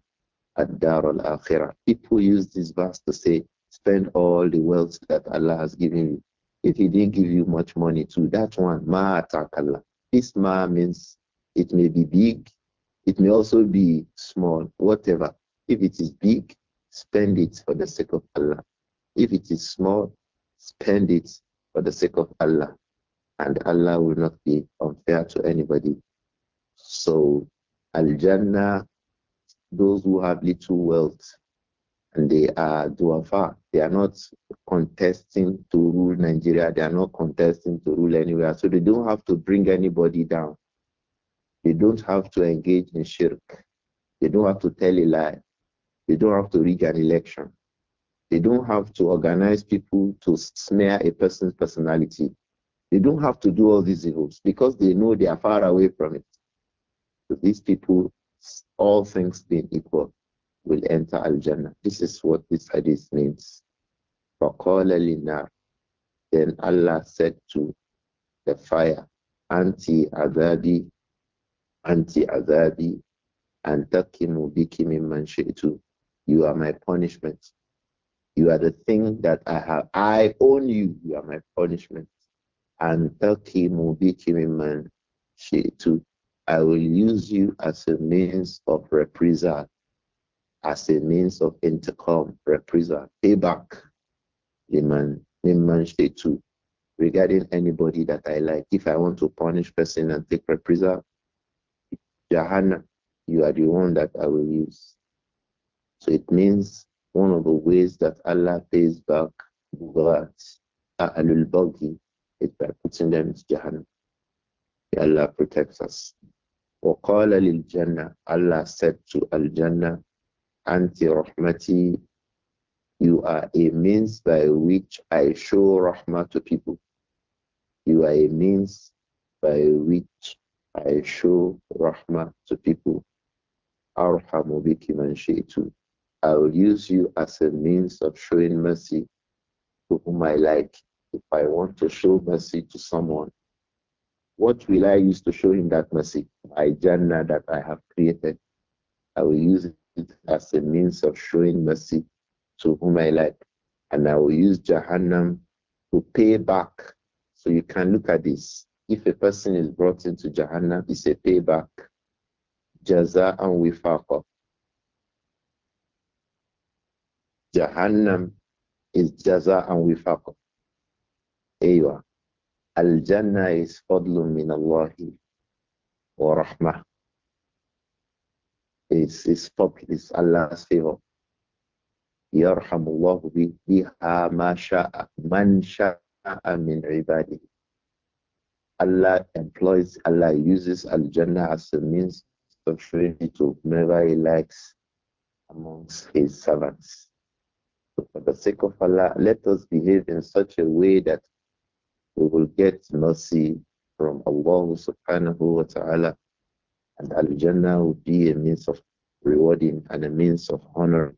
الدار الآخرة. People use this verse to say, spend all the wealth that Allah has given you. If He didn't give you much money to that one, ma Allah. This ma means it may be big, it may also be small, whatever. If it is big, spend it for the sake of Allah. If it is small, spend it for the sake of Allah. And Allah will not be unfair to anybody so Al Jannah, those who have little wealth, and they are duafa. They are not contesting to rule Nigeria. They are not contesting to rule anywhere. So they don't have to bring anybody down. They don't have to engage in shirk. They don't have to tell a lie. They don't have to rig an election. They don't have to organize people to smear a person's personality. They don't have to do all these evils because they know they are far away from it. So these people, all things being equal, will enter Al Jannah. This is what this hadith means. Then Allah said to the fire, Anti Adabi, Anti Adabi, and Takimu Bikimi You are my punishment. You are the thing that I have. I own you. You are my punishment. And Takimu Bikimi I will use you as a means of reprisal, as a means of intercom, reprisal, payback, liman, liman too. regarding anybody that I like. If I want to punish person and take reprisal, Jahannam, you are the one that I will use. So it means one of the ways that Allah pays back Bughat, Alul Bagi, is by putting them into Jahannam. Allah protects us. وَقَالَ لِلْجَنَّةِ Allah said to Al-Jannah, Anti Rahmati, you are a means by which I show رحمة to people. You are a means by which I show رحمة to people. I will use you as a means of showing mercy to whom I like. If I want to show mercy to someone, what will I use to show him that mercy? My Jannah that I have created. I will use it as a means of showing mercy to whom I like. And I will use Jahannam to pay back. So you can look at this. If a person is brought into Jahannam, it's a payback. Jaza and wifaqa. Jahannam is jaza and wifaqa. There you are. Al Jannah is fadlun min Allahi wa rahmah. It's, it's, it's Allah's favor. يرحم الله بها ما شاء من شاء من عباده Allah employs, Allah uses Al-Jannah as a means of freedom to whomever He likes amongst His servants. So for the sake of Allah, let us behave in such a way that we will get mercy from Allah subhanahu wa ta'ala and Al-Jannah will be a means of rewarding and a means of honor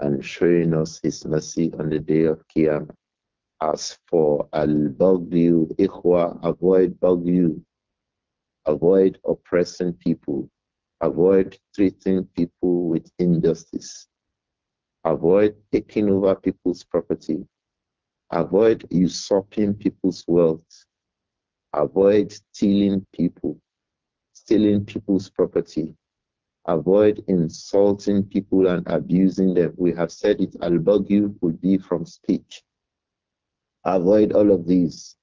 and showing us his mercy on the day of Qiyamah. As for Al-Baghyu, Ikhwa, avoid Baghyu, avoid oppressing people, avoid treating people with injustice, avoid taking over people's property, Avoid usurping people's wealth. Avoid stealing people, stealing people's property. Avoid insulting people and abusing them. We have said it, al you, would be from speech. Avoid all of these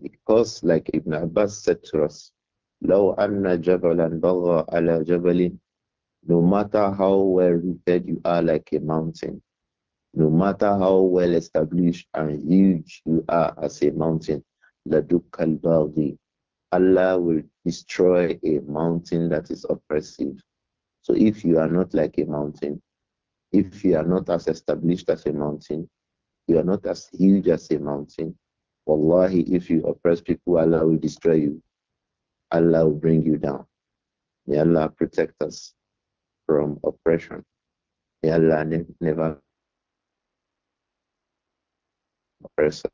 because, like Ibn Abbas said to us, لو أن جبلا بغى على جبل no matter how well rooted you are like a mountain, no matter how well established and huge you are as a mountain, Allah will destroy a mountain that is oppressive. So if you are not like a mountain, if you are not as established as a mountain, you are not as huge as a mountain, Wallahi, if you oppress people, Allah will destroy you. Allah will bring you down. May Allah protect us from oppression. May Allah ne never the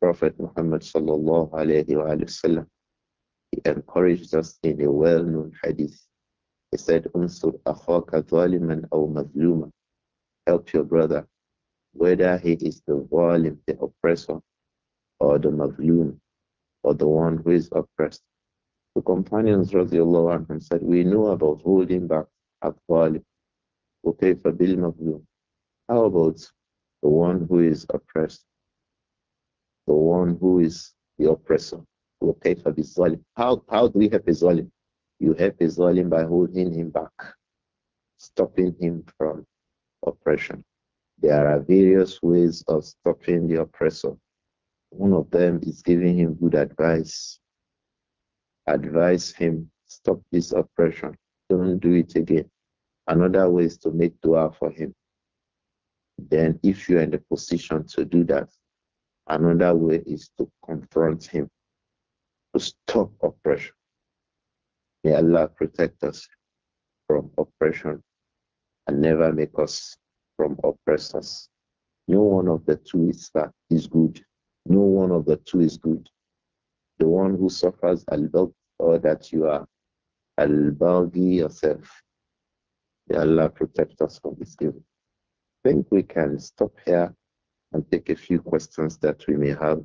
Prophet Muhammad sallallahu alayhi wa sallam, he encouraged us in a well-known hadith. He said, Unsur akhaka zaliman Help your brother, whether he is the zalim, the oppressor, or the mazlum, or the one who is oppressed. The companions radiallahu said, we know about holding back a zalim Okay, for bil mazlum. How about the one who is oppressed? the one who is the oppressor. will pay for How, how do we help his own? You help his own by holding him back, stopping him from oppression. There are various ways of stopping the oppressor. One of them is giving him good advice. Advise him, stop this oppression. Don't do it again. Another way is to make dua for him. Then, if you are in the position to do that, Another way is to confront him, to stop oppression. May Allah protect us from oppression and never make us from oppressors. No one of the two is, that is good. No one of the two is good. The one who suffers al or that you are al yourself. May Allah protect us from this evil. I think we can stop here and take a few questions that we may have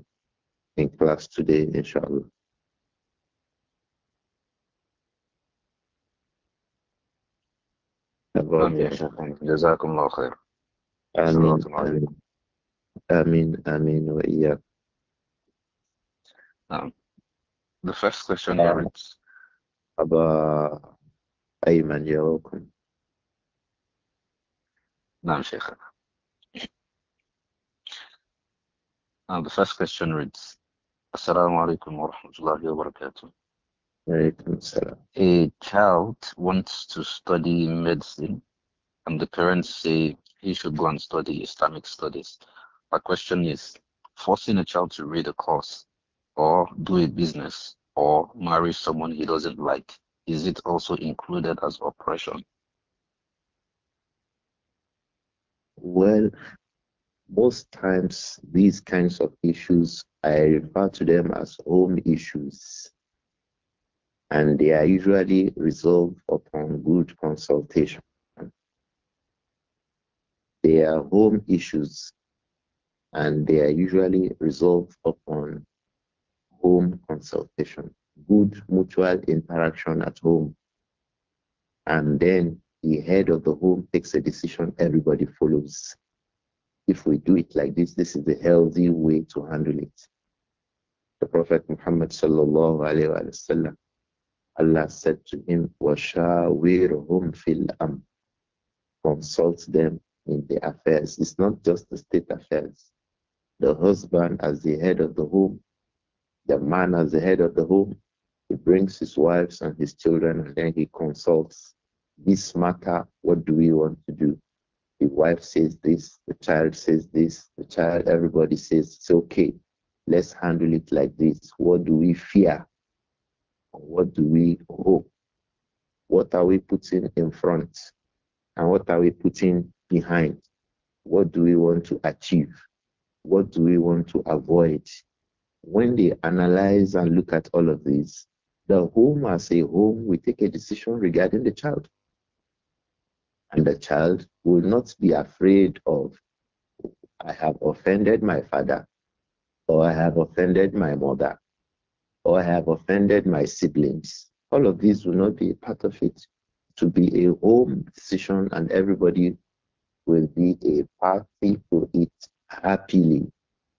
in class today, inshallah. جزاكم الله خير آمين آمين آمين وإياك نعم The first question is reads أبا أيمن يا نعم شيخنا And uh, the first question reads Assalamu alaikum wa rahmatullahi wa barakatuh. A child wants to study medicine, and the parents say he should go and study Islamic studies. My question is forcing a child to read a course, or do a business, or marry someone he doesn't like, is it also included as oppression? Well, most times these kinds of issues, I refer to them as home issues. And they are usually resolved upon good consultation. They are home issues and they are usually resolved upon home consultation, good mutual interaction at home. And then the head of the home takes a decision, everybody follows. If we do it like this, this is the healthy way to handle it. The Prophet Muhammad sallallahu alayhi wa sallam, Allah said to him, وَشَاوِرْهُمْ fil am. Consult them in the affairs. It's not just the state affairs. The husband as the head of the home, the man as the head of the home, he brings his wives and his children and then he consults this matter, what do we want to do? The wife says this, the child says this, the child, everybody says it's okay. Let's handle it like this. What do we fear? What do we hope? What are we putting in front? And what are we putting behind? What do we want to achieve? What do we want to avoid? When they analyze and look at all of these, the home as a home we take a decision regarding the child and the child will not be afraid of, I have offended my father, or I have offended my mother, or I have offended my siblings. All of these will not be a part of it. To be a home decision, and everybody will be a party to it happily.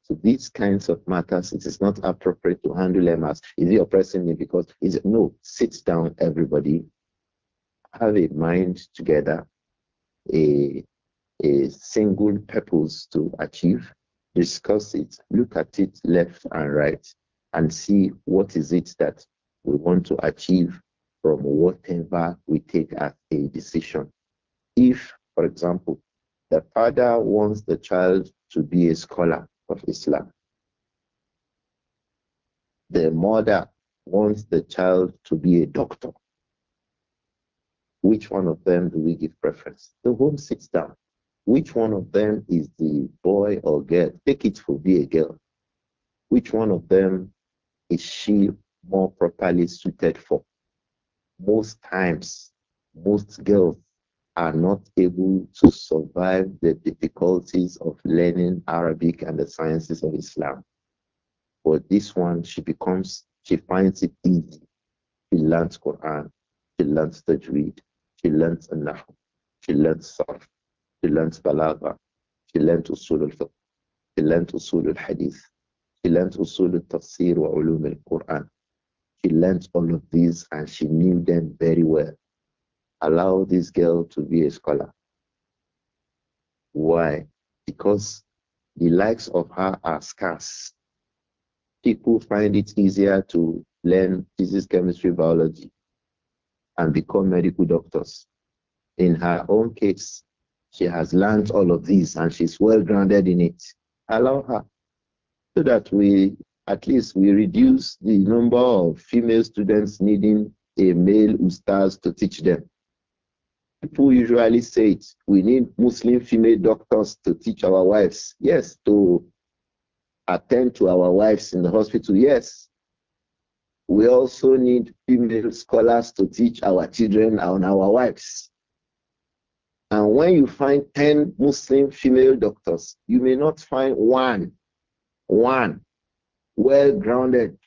So these kinds of matters, it is not appropriate to handle them as is he oppressing me because is no, sit down everybody, have a mind together, a, a single purpose to achieve, discuss it, look at it left and right, and see what is it that we want to achieve from whatever we take as a decision. If, for example, the father wants the child to be a scholar of Islam, the mother wants the child to be a doctor, which one of them do we give preference? The home sits down. Which one of them is the boy or girl? Take it for be a girl. Which one of them is she more properly suited for? Most times, most girls are not able to survive the difficulties of learning Arabic and the sciences of Islam. But this one, she becomes, she finds it easy. She learns Quran, she learns Tajweed, she learns Nahu. She learns Sarf. She learns Balagha. She learns Usul al-Fiqh. She learns Usul al-Hadith. She learns Usul al-Tafsir wa Ulum al-Quran. She learns all of these and she knew them very well. Allow this girl to be a scholar. Why? Because the likes of her are scarce. People find it easier to learn physics, chemistry, biology and become medical doctors. In her own case, she has learned all of these and she's well grounded in it. Allow her so that we at least we reduce the number of female students needing a male ustaz to teach them. People usually say it, we need Muslim female doctors to teach our wives. Yes, to attend to our wives in the hospital. Yes, we also need female scholars to teach our children and our wives. And when you find 10 Muslim female doctors, you may not find one, one well grounded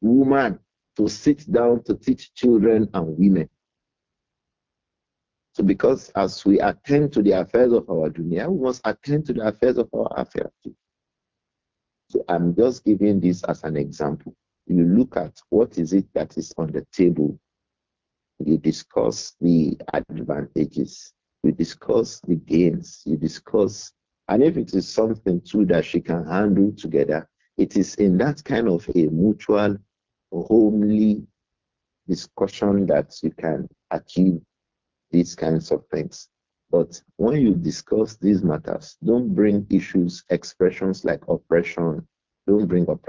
woman to sit down to teach children and women. So, because as we attend to the affairs of our dunya, we must attend to the affairs of our affairs too. So, I'm just giving this as an example you look at what is it that is on the table. You discuss the advantages. You discuss the gains. You discuss, and if it is something too that she can handle together, it is in that kind of a mutual, homely discussion that you can achieve these kinds of things. But when you discuss these matters, don't bring issues, expressions like oppression, don't bring up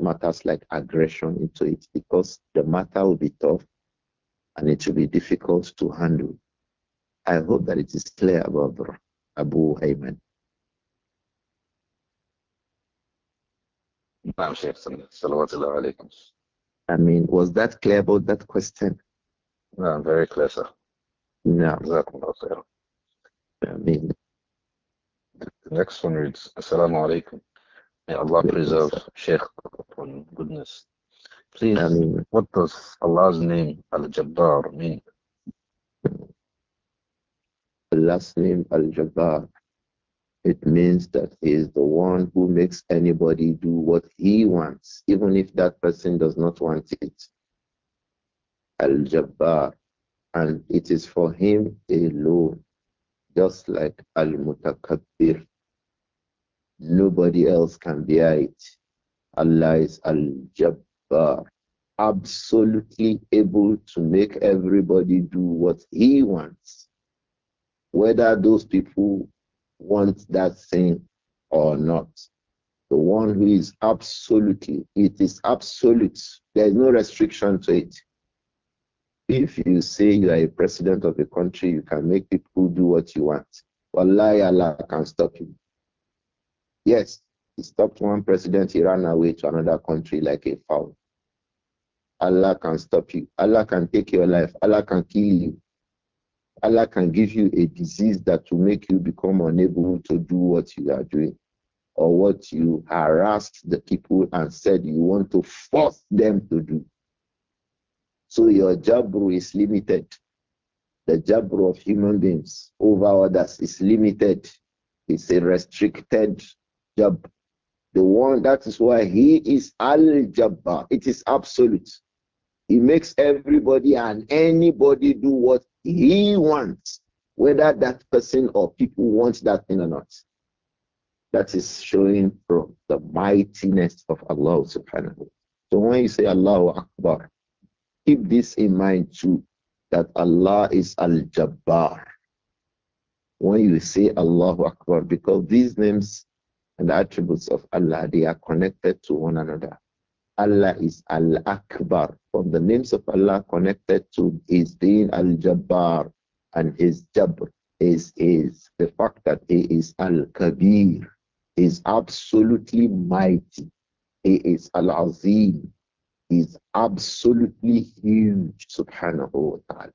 matters like aggression into it because the matter will be tough and it will be difficult to handle. I hope that it is clear about Abu Hayman. I mean, was that clear about that question? No, I'm very clear, sir. No. Exactly. I mean, the next one reads, Assalamu alaikum. May Allah preserve Sheikh upon goodness. Please, I mean, what does Allah's name Al-Jabbar mean? Allah's name Al-Jabbar, it means that he is the one who makes anybody do what he wants, even if that person does not want it. Al-Jabbar, and it is for him alone, just like Al-Mutakabbir, Nobody else can bear it. Allah is Al Jabbar, absolutely able to make everybody do what He wants, whether those people want that thing or not. The one who is absolutely, it is absolute. There is no restriction to it. If you say you are a president of a country, you can make people do what you want. Wallahi, Allah can stop you. Yes, he stopped one president, he ran away to another country like a fowl. Allah can stop you. Allah can take your life. Allah can kill you. Allah can give you a disease that will make you become unable to do what you are doing or what you harassed the people and said you want to force them to do. So your jabru is limited. The jabru of human beings over others is limited. It's a restricted Jab. The one that is why he is Al Jabbar. It is absolute. He makes everybody and anybody do what he wants, whether that person or people want that thing or not. That is showing from the mightiness of Allah subhanahu. So when you say Allah Akbar, keep this in mind too, that Allah is Al Jabbar. When you say Allahu Akbar, because these names and the attributes of Allah, they are connected to one another. Allah is Al Akbar. From the names of Allah connected to His being Al Jabbar and His Jabr is is the fact that He is Al Kabir, is absolutely mighty. He is Al Azim, is absolutely huge. Subhanahu wa Taala.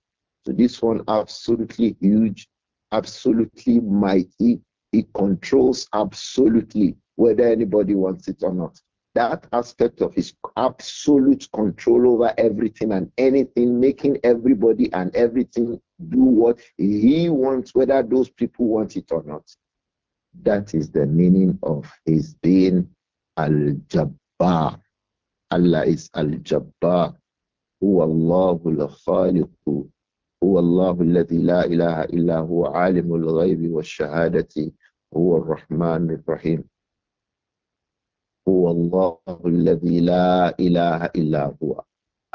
So this one absolutely huge, absolutely mighty, he controls absolutely whether anybody wants it or not. That aspect of his absolute control over everything and anything, making everybody and everything do what he wants, whether those people want it or not. That is the meaning of his being Al Jabbar. Allah is Al Jabbar. Huwa Allahul Khaliqu هو الله الذي لا إله إلا هو عالم الغيب والشهادة هو الرحمن الرحيم هو الله الذي لا إله إلا هو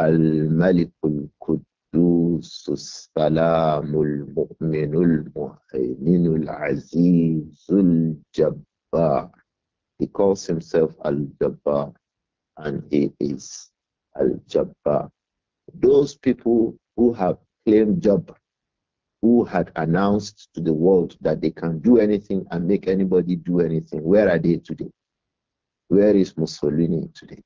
الملك القدوس السلام المؤمن المهيمن العزيز الجبار He calls himself Al-Jabbar and he is Al-Jabbar. Those people who have Claimed Job, who had announced to the world that they can do anything and make anybody do anything. Where are they today? Where is Mussolini today?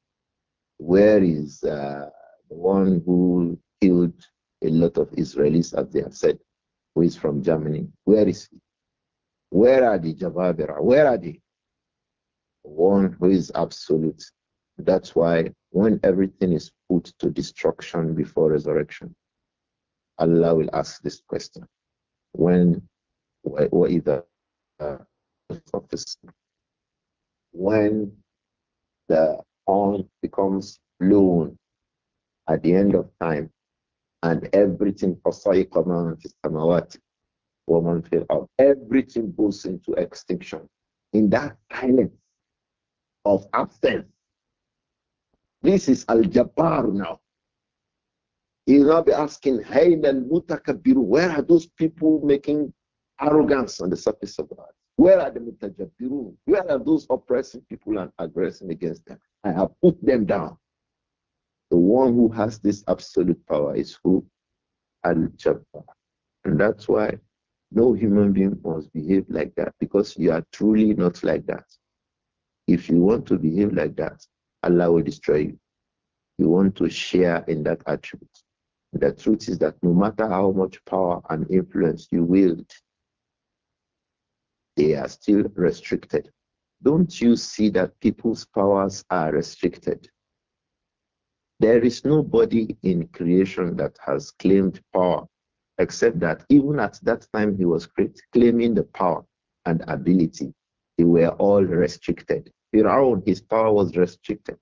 Where is uh, the one who killed a lot of Israelis, as they have said, who is from Germany? Where is he? Where are the Jababera? Where are they? One who is absolute. That's why when everything is put to destruction before resurrection, Allah will ask this question. When, what is either, uh, when the horn becomes blown at the end of time and everything everything goes into extinction in that silence of absence this is al jabbar now He'll now be asking, Hey, mutakabir, where are those people making arrogance on the surface of the earth? Where are the mutajabirun? Where are those oppressing people and aggressing against them? I have put them down. The one who has this absolute power is who? Al Jabbar. And that's why no human being must behave like that because you are truly not like that. If you want to behave like that, Allah will destroy you. You want to share in that attribute. The truth is that no matter how much power and influence you wield, they are still restricted. Don't you see that people's powers are restricted? There is nobody in creation that has claimed power, except that even at that time he was claiming the power and ability, they were all restricted. Firaun, his power was restricted.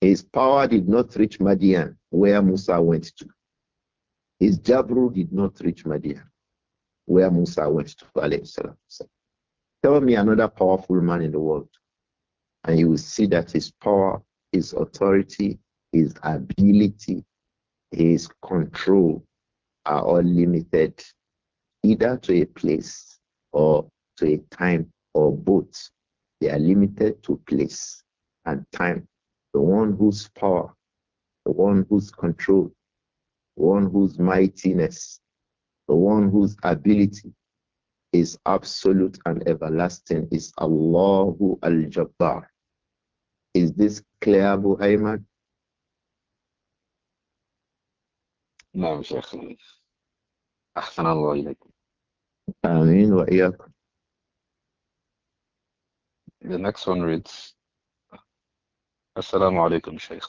His power did not reach Madian, where Musa went to. His Jabru did not reach Madian, where Musa went to. Tell me another powerful man in the world, and you will see that his power, his authority, his ability, his control are all limited either to a place or to a time or both. They are limited to place and time the one whose power, the one whose control, the one whose mightiness, the one whose ability is absolute and everlasting is Allahu Al Jabbar. Is this clear, Abu Ayman? نعم شيخنا أحسن الله إليكم آمين وإياكم The next one reads Assalamu alaikum, Shaykh.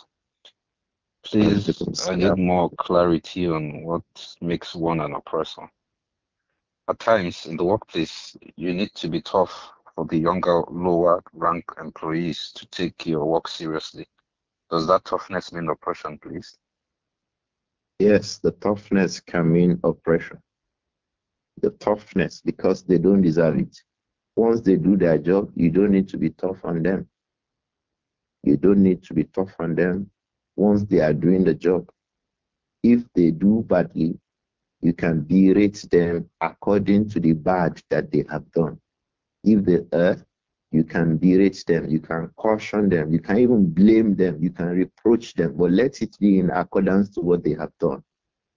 Please, I need more clarity on what makes one an oppressor. At times in the workplace, you need to be tough for the younger, lower rank employees to take your work seriously. Does that toughness mean oppression, please? Yes, the toughness can mean oppression. The toughness, because they don't deserve it. Once they do their job, you don't need to be tough on them. You don't need to be tough on them once they are doing the job. If they do badly, you can berate them according to the bad that they have done. If they err, you can berate them, you can caution them, you can even blame them, you can reproach them, but let it be in accordance to what they have done.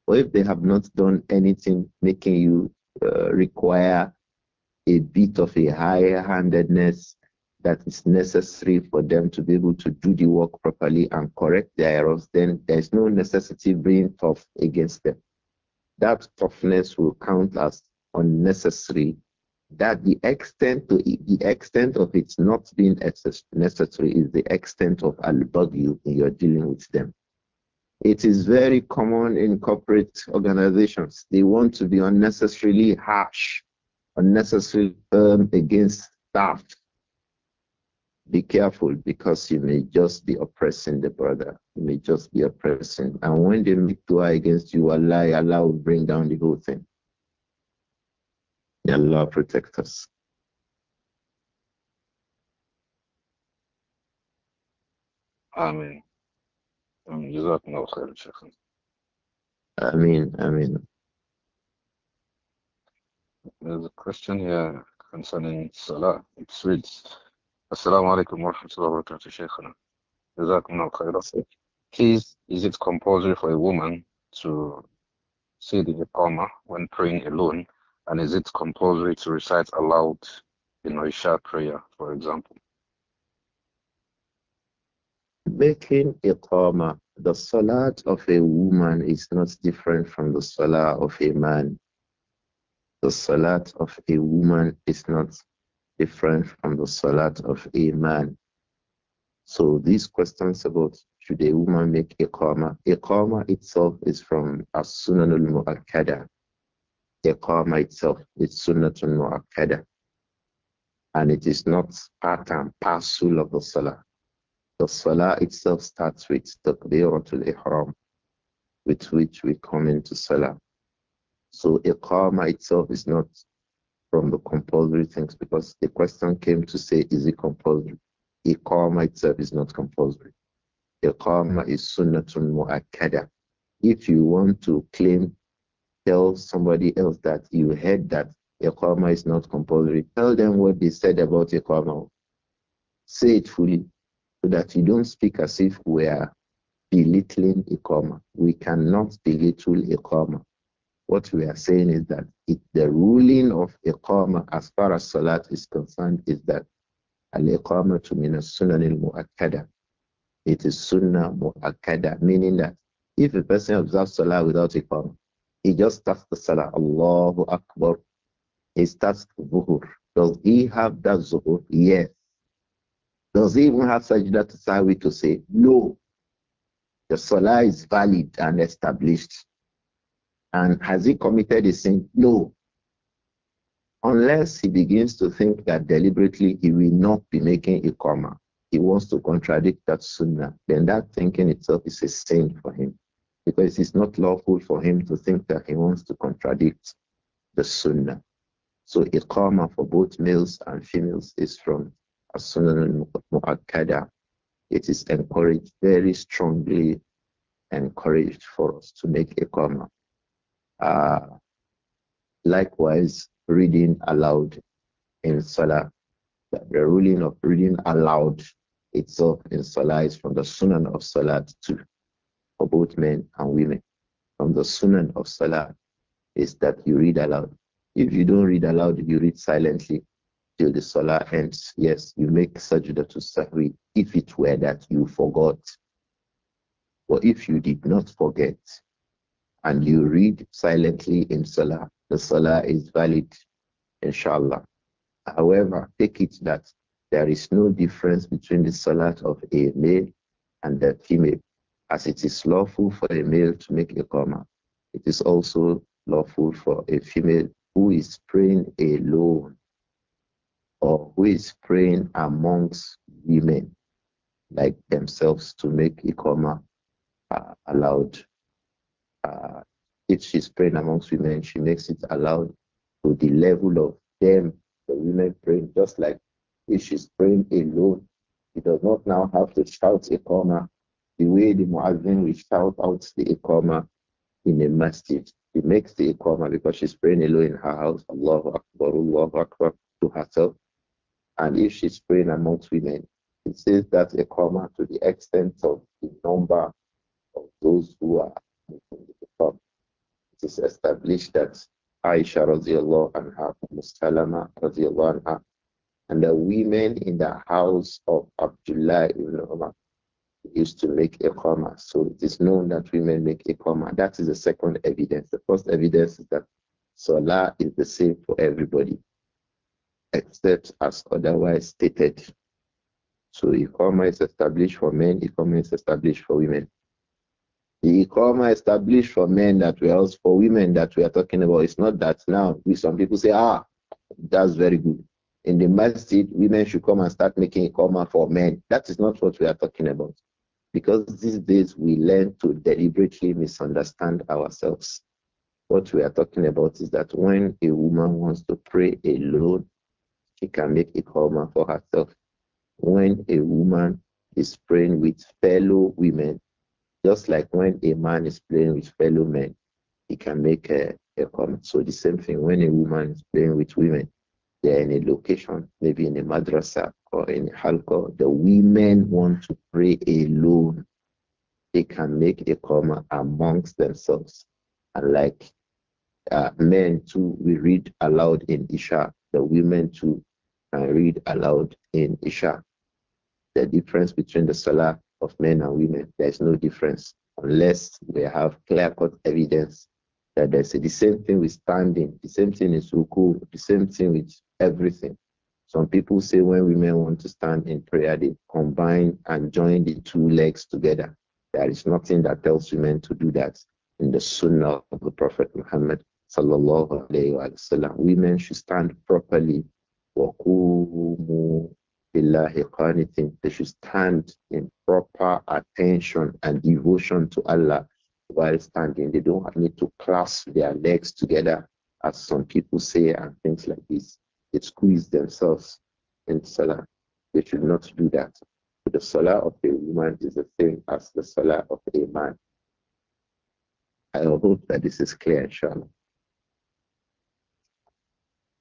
Or if they have not done anything making you uh, require a bit of a high handedness that is necessary for them to be able to do the work properly and correct their errors, then there's no necessity being tough against them. That toughness will count as unnecessary. That the extent to the extent of it not being necessary is the extent of al-bagyu in your dealing with them. It is very common in corporate organizations. They want to be unnecessarily harsh, unnecessarily firm um, against staff be careful because you may just be oppressing the brother. You may just be oppressing. And when they make dua against you, Allah, Allah will bring down the whole thing. Allah protect us. I mean, I mean, There's a question here concerning Salah. It's reads, Assalamu alaikum wa rahmatullahi wa barakatuh, Shaykhana. Please, is it compulsory for a woman to say the Iqamah when praying alone? And is it compulsory to recite aloud in Isha prayer, for example? Making Iqamah, the Salat of a woman is not different from the Salah of a man. The Salat of a woman is not different from the salat of a man. So these questions about should a woman make iqama, iqama itself is from as-sunan al-mu'akkada. Iqama itself is sunnatun mu'akkada. And it is not part and parcel of the salah. The salah itself starts with takbiratul ihram, with which we come into salah. So iqama itself is not from the compulsory things because the question came to say, is it compulsory? Iqama itself is not compulsory. Iqama hmm. is sunnatun mu'akkada. If you want to claim, tell somebody else that you heard that Iqama is not compulsory, tell them what they said about Iqama. Say it fully so that you don't speak as if we are belittling Iqama. We cannot belittle Iqama. What we are saying is that it, the ruling of Iqama as far as Salat is concerned is that Al-Iqama to min sunan al-mu'akkada. It is sunnah mu'akkada, meaning that if a person observes Salah without Iqama, he just starts the Salah, Allahu Akbar. He starts Zuhur. Does he have that Zuhur? Yes. Does he even have Sajda to Sawi to say? No. The Salah is valid and established. And has he committed a sin? No. Unless he begins to think that deliberately he will not be making a comma, he wants to contradict that sunnah, then that thinking itself is a sin for him. Because it's not lawful for him to think that he wants to contradict the sunnah. So comma for both males and females is from as-sunnah It is encouraged, very strongly encouraged for us to make comma uh, likewise reading aloud in Salah. The ruling of reading aloud itself in Salah is from the Sunan of Salah too, for both men and women. From the Sunan of Salah is that you read aloud. If you don't read aloud, you read silently till the Salah ends. Yes, you make sajda to sahri if it were that you forgot. But if you did not forget, and you read silently in Salah, the Salah is valid, inshallah. However, take it that there is no difference between the Salah of a male and a female, as it is lawful for a male to make a comma. It is also lawful for a female who is praying alone or who is praying amongst women like themselves to make a comma uh, allowed uh, if she's praying amongst women, she makes it allowed to the level of them, the women praying, just like if she's praying alone, she does not now have to shout a comma the way the Muazzin will shout out the Iqama in a masjid. She makes the Iqama because she's praying alone in her house, Allahu Akbar, Allahu Akbar, to herself. And if she's praying amongst women, it says that Iqama to the extent of the number of those who are it is established that Aisha radiallahu anha, Mustalama umm radiallahu anha, and the women in the house of Abdullah ibn Umar used to make iqama. So it is known that women make iqama. That is the second evidence. The first evidence is that Salah is the same for everybody, except as otherwise stated. So iqama is established for men, iqama is established for women. The ikoma established for men that we are also for women that we are talking about. It's not that now we, some people say, ah, that's very good. In the masjid, women should come and start making ikoma for men. That is not what we are talking about. Because these days we learn to deliberately misunderstand ourselves. What we are talking about is that when a woman wants to pray alone, she can make ikoma for herself. When a woman is praying with fellow women, just like when a man is playing with fellow men, he can make a, a comment. So the same thing when a woman is playing with women, they're in a location, maybe in a madrasa or in halqa, the women want to pray alone. They can make a comment amongst themselves. And like uh, men too, we read aloud in Isha. The women too can read aloud in Isha. The difference between the Salah of men and women. There is no difference unless we have clear cut evidence that there's a, the same thing with standing, the same thing is suku, the same thing with everything. Some people say when women want to stand in prayer, they combine and join the two legs together. There is nothing that tells women to do that in the Sunnah of the Prophet Muhammad sallallahu wasallam. Women should stand properly lillahi qanitin. They should stand in proper attention and devotion to Allah while standing. They don't need to clasp their legs together, as some people say, and things like this. They squeeze themselves in salah. They should not do that. The salah of a woman is the same as the salah of a man. I hope that this is clear, inshallah.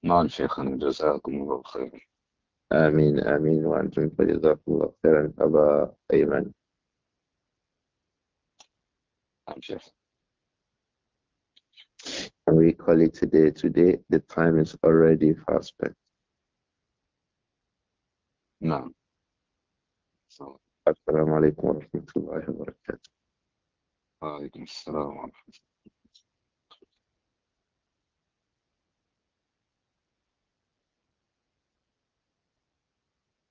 نعم شيخنا جزاكم الله خير آمين آمين وأنتم فجزاكم الله خيرا أبا أيمن And we call it today. Today, the time is already fast spent. No. So. Assalamu alaikum warahmatullahi wabarakatuh. Wa alaikum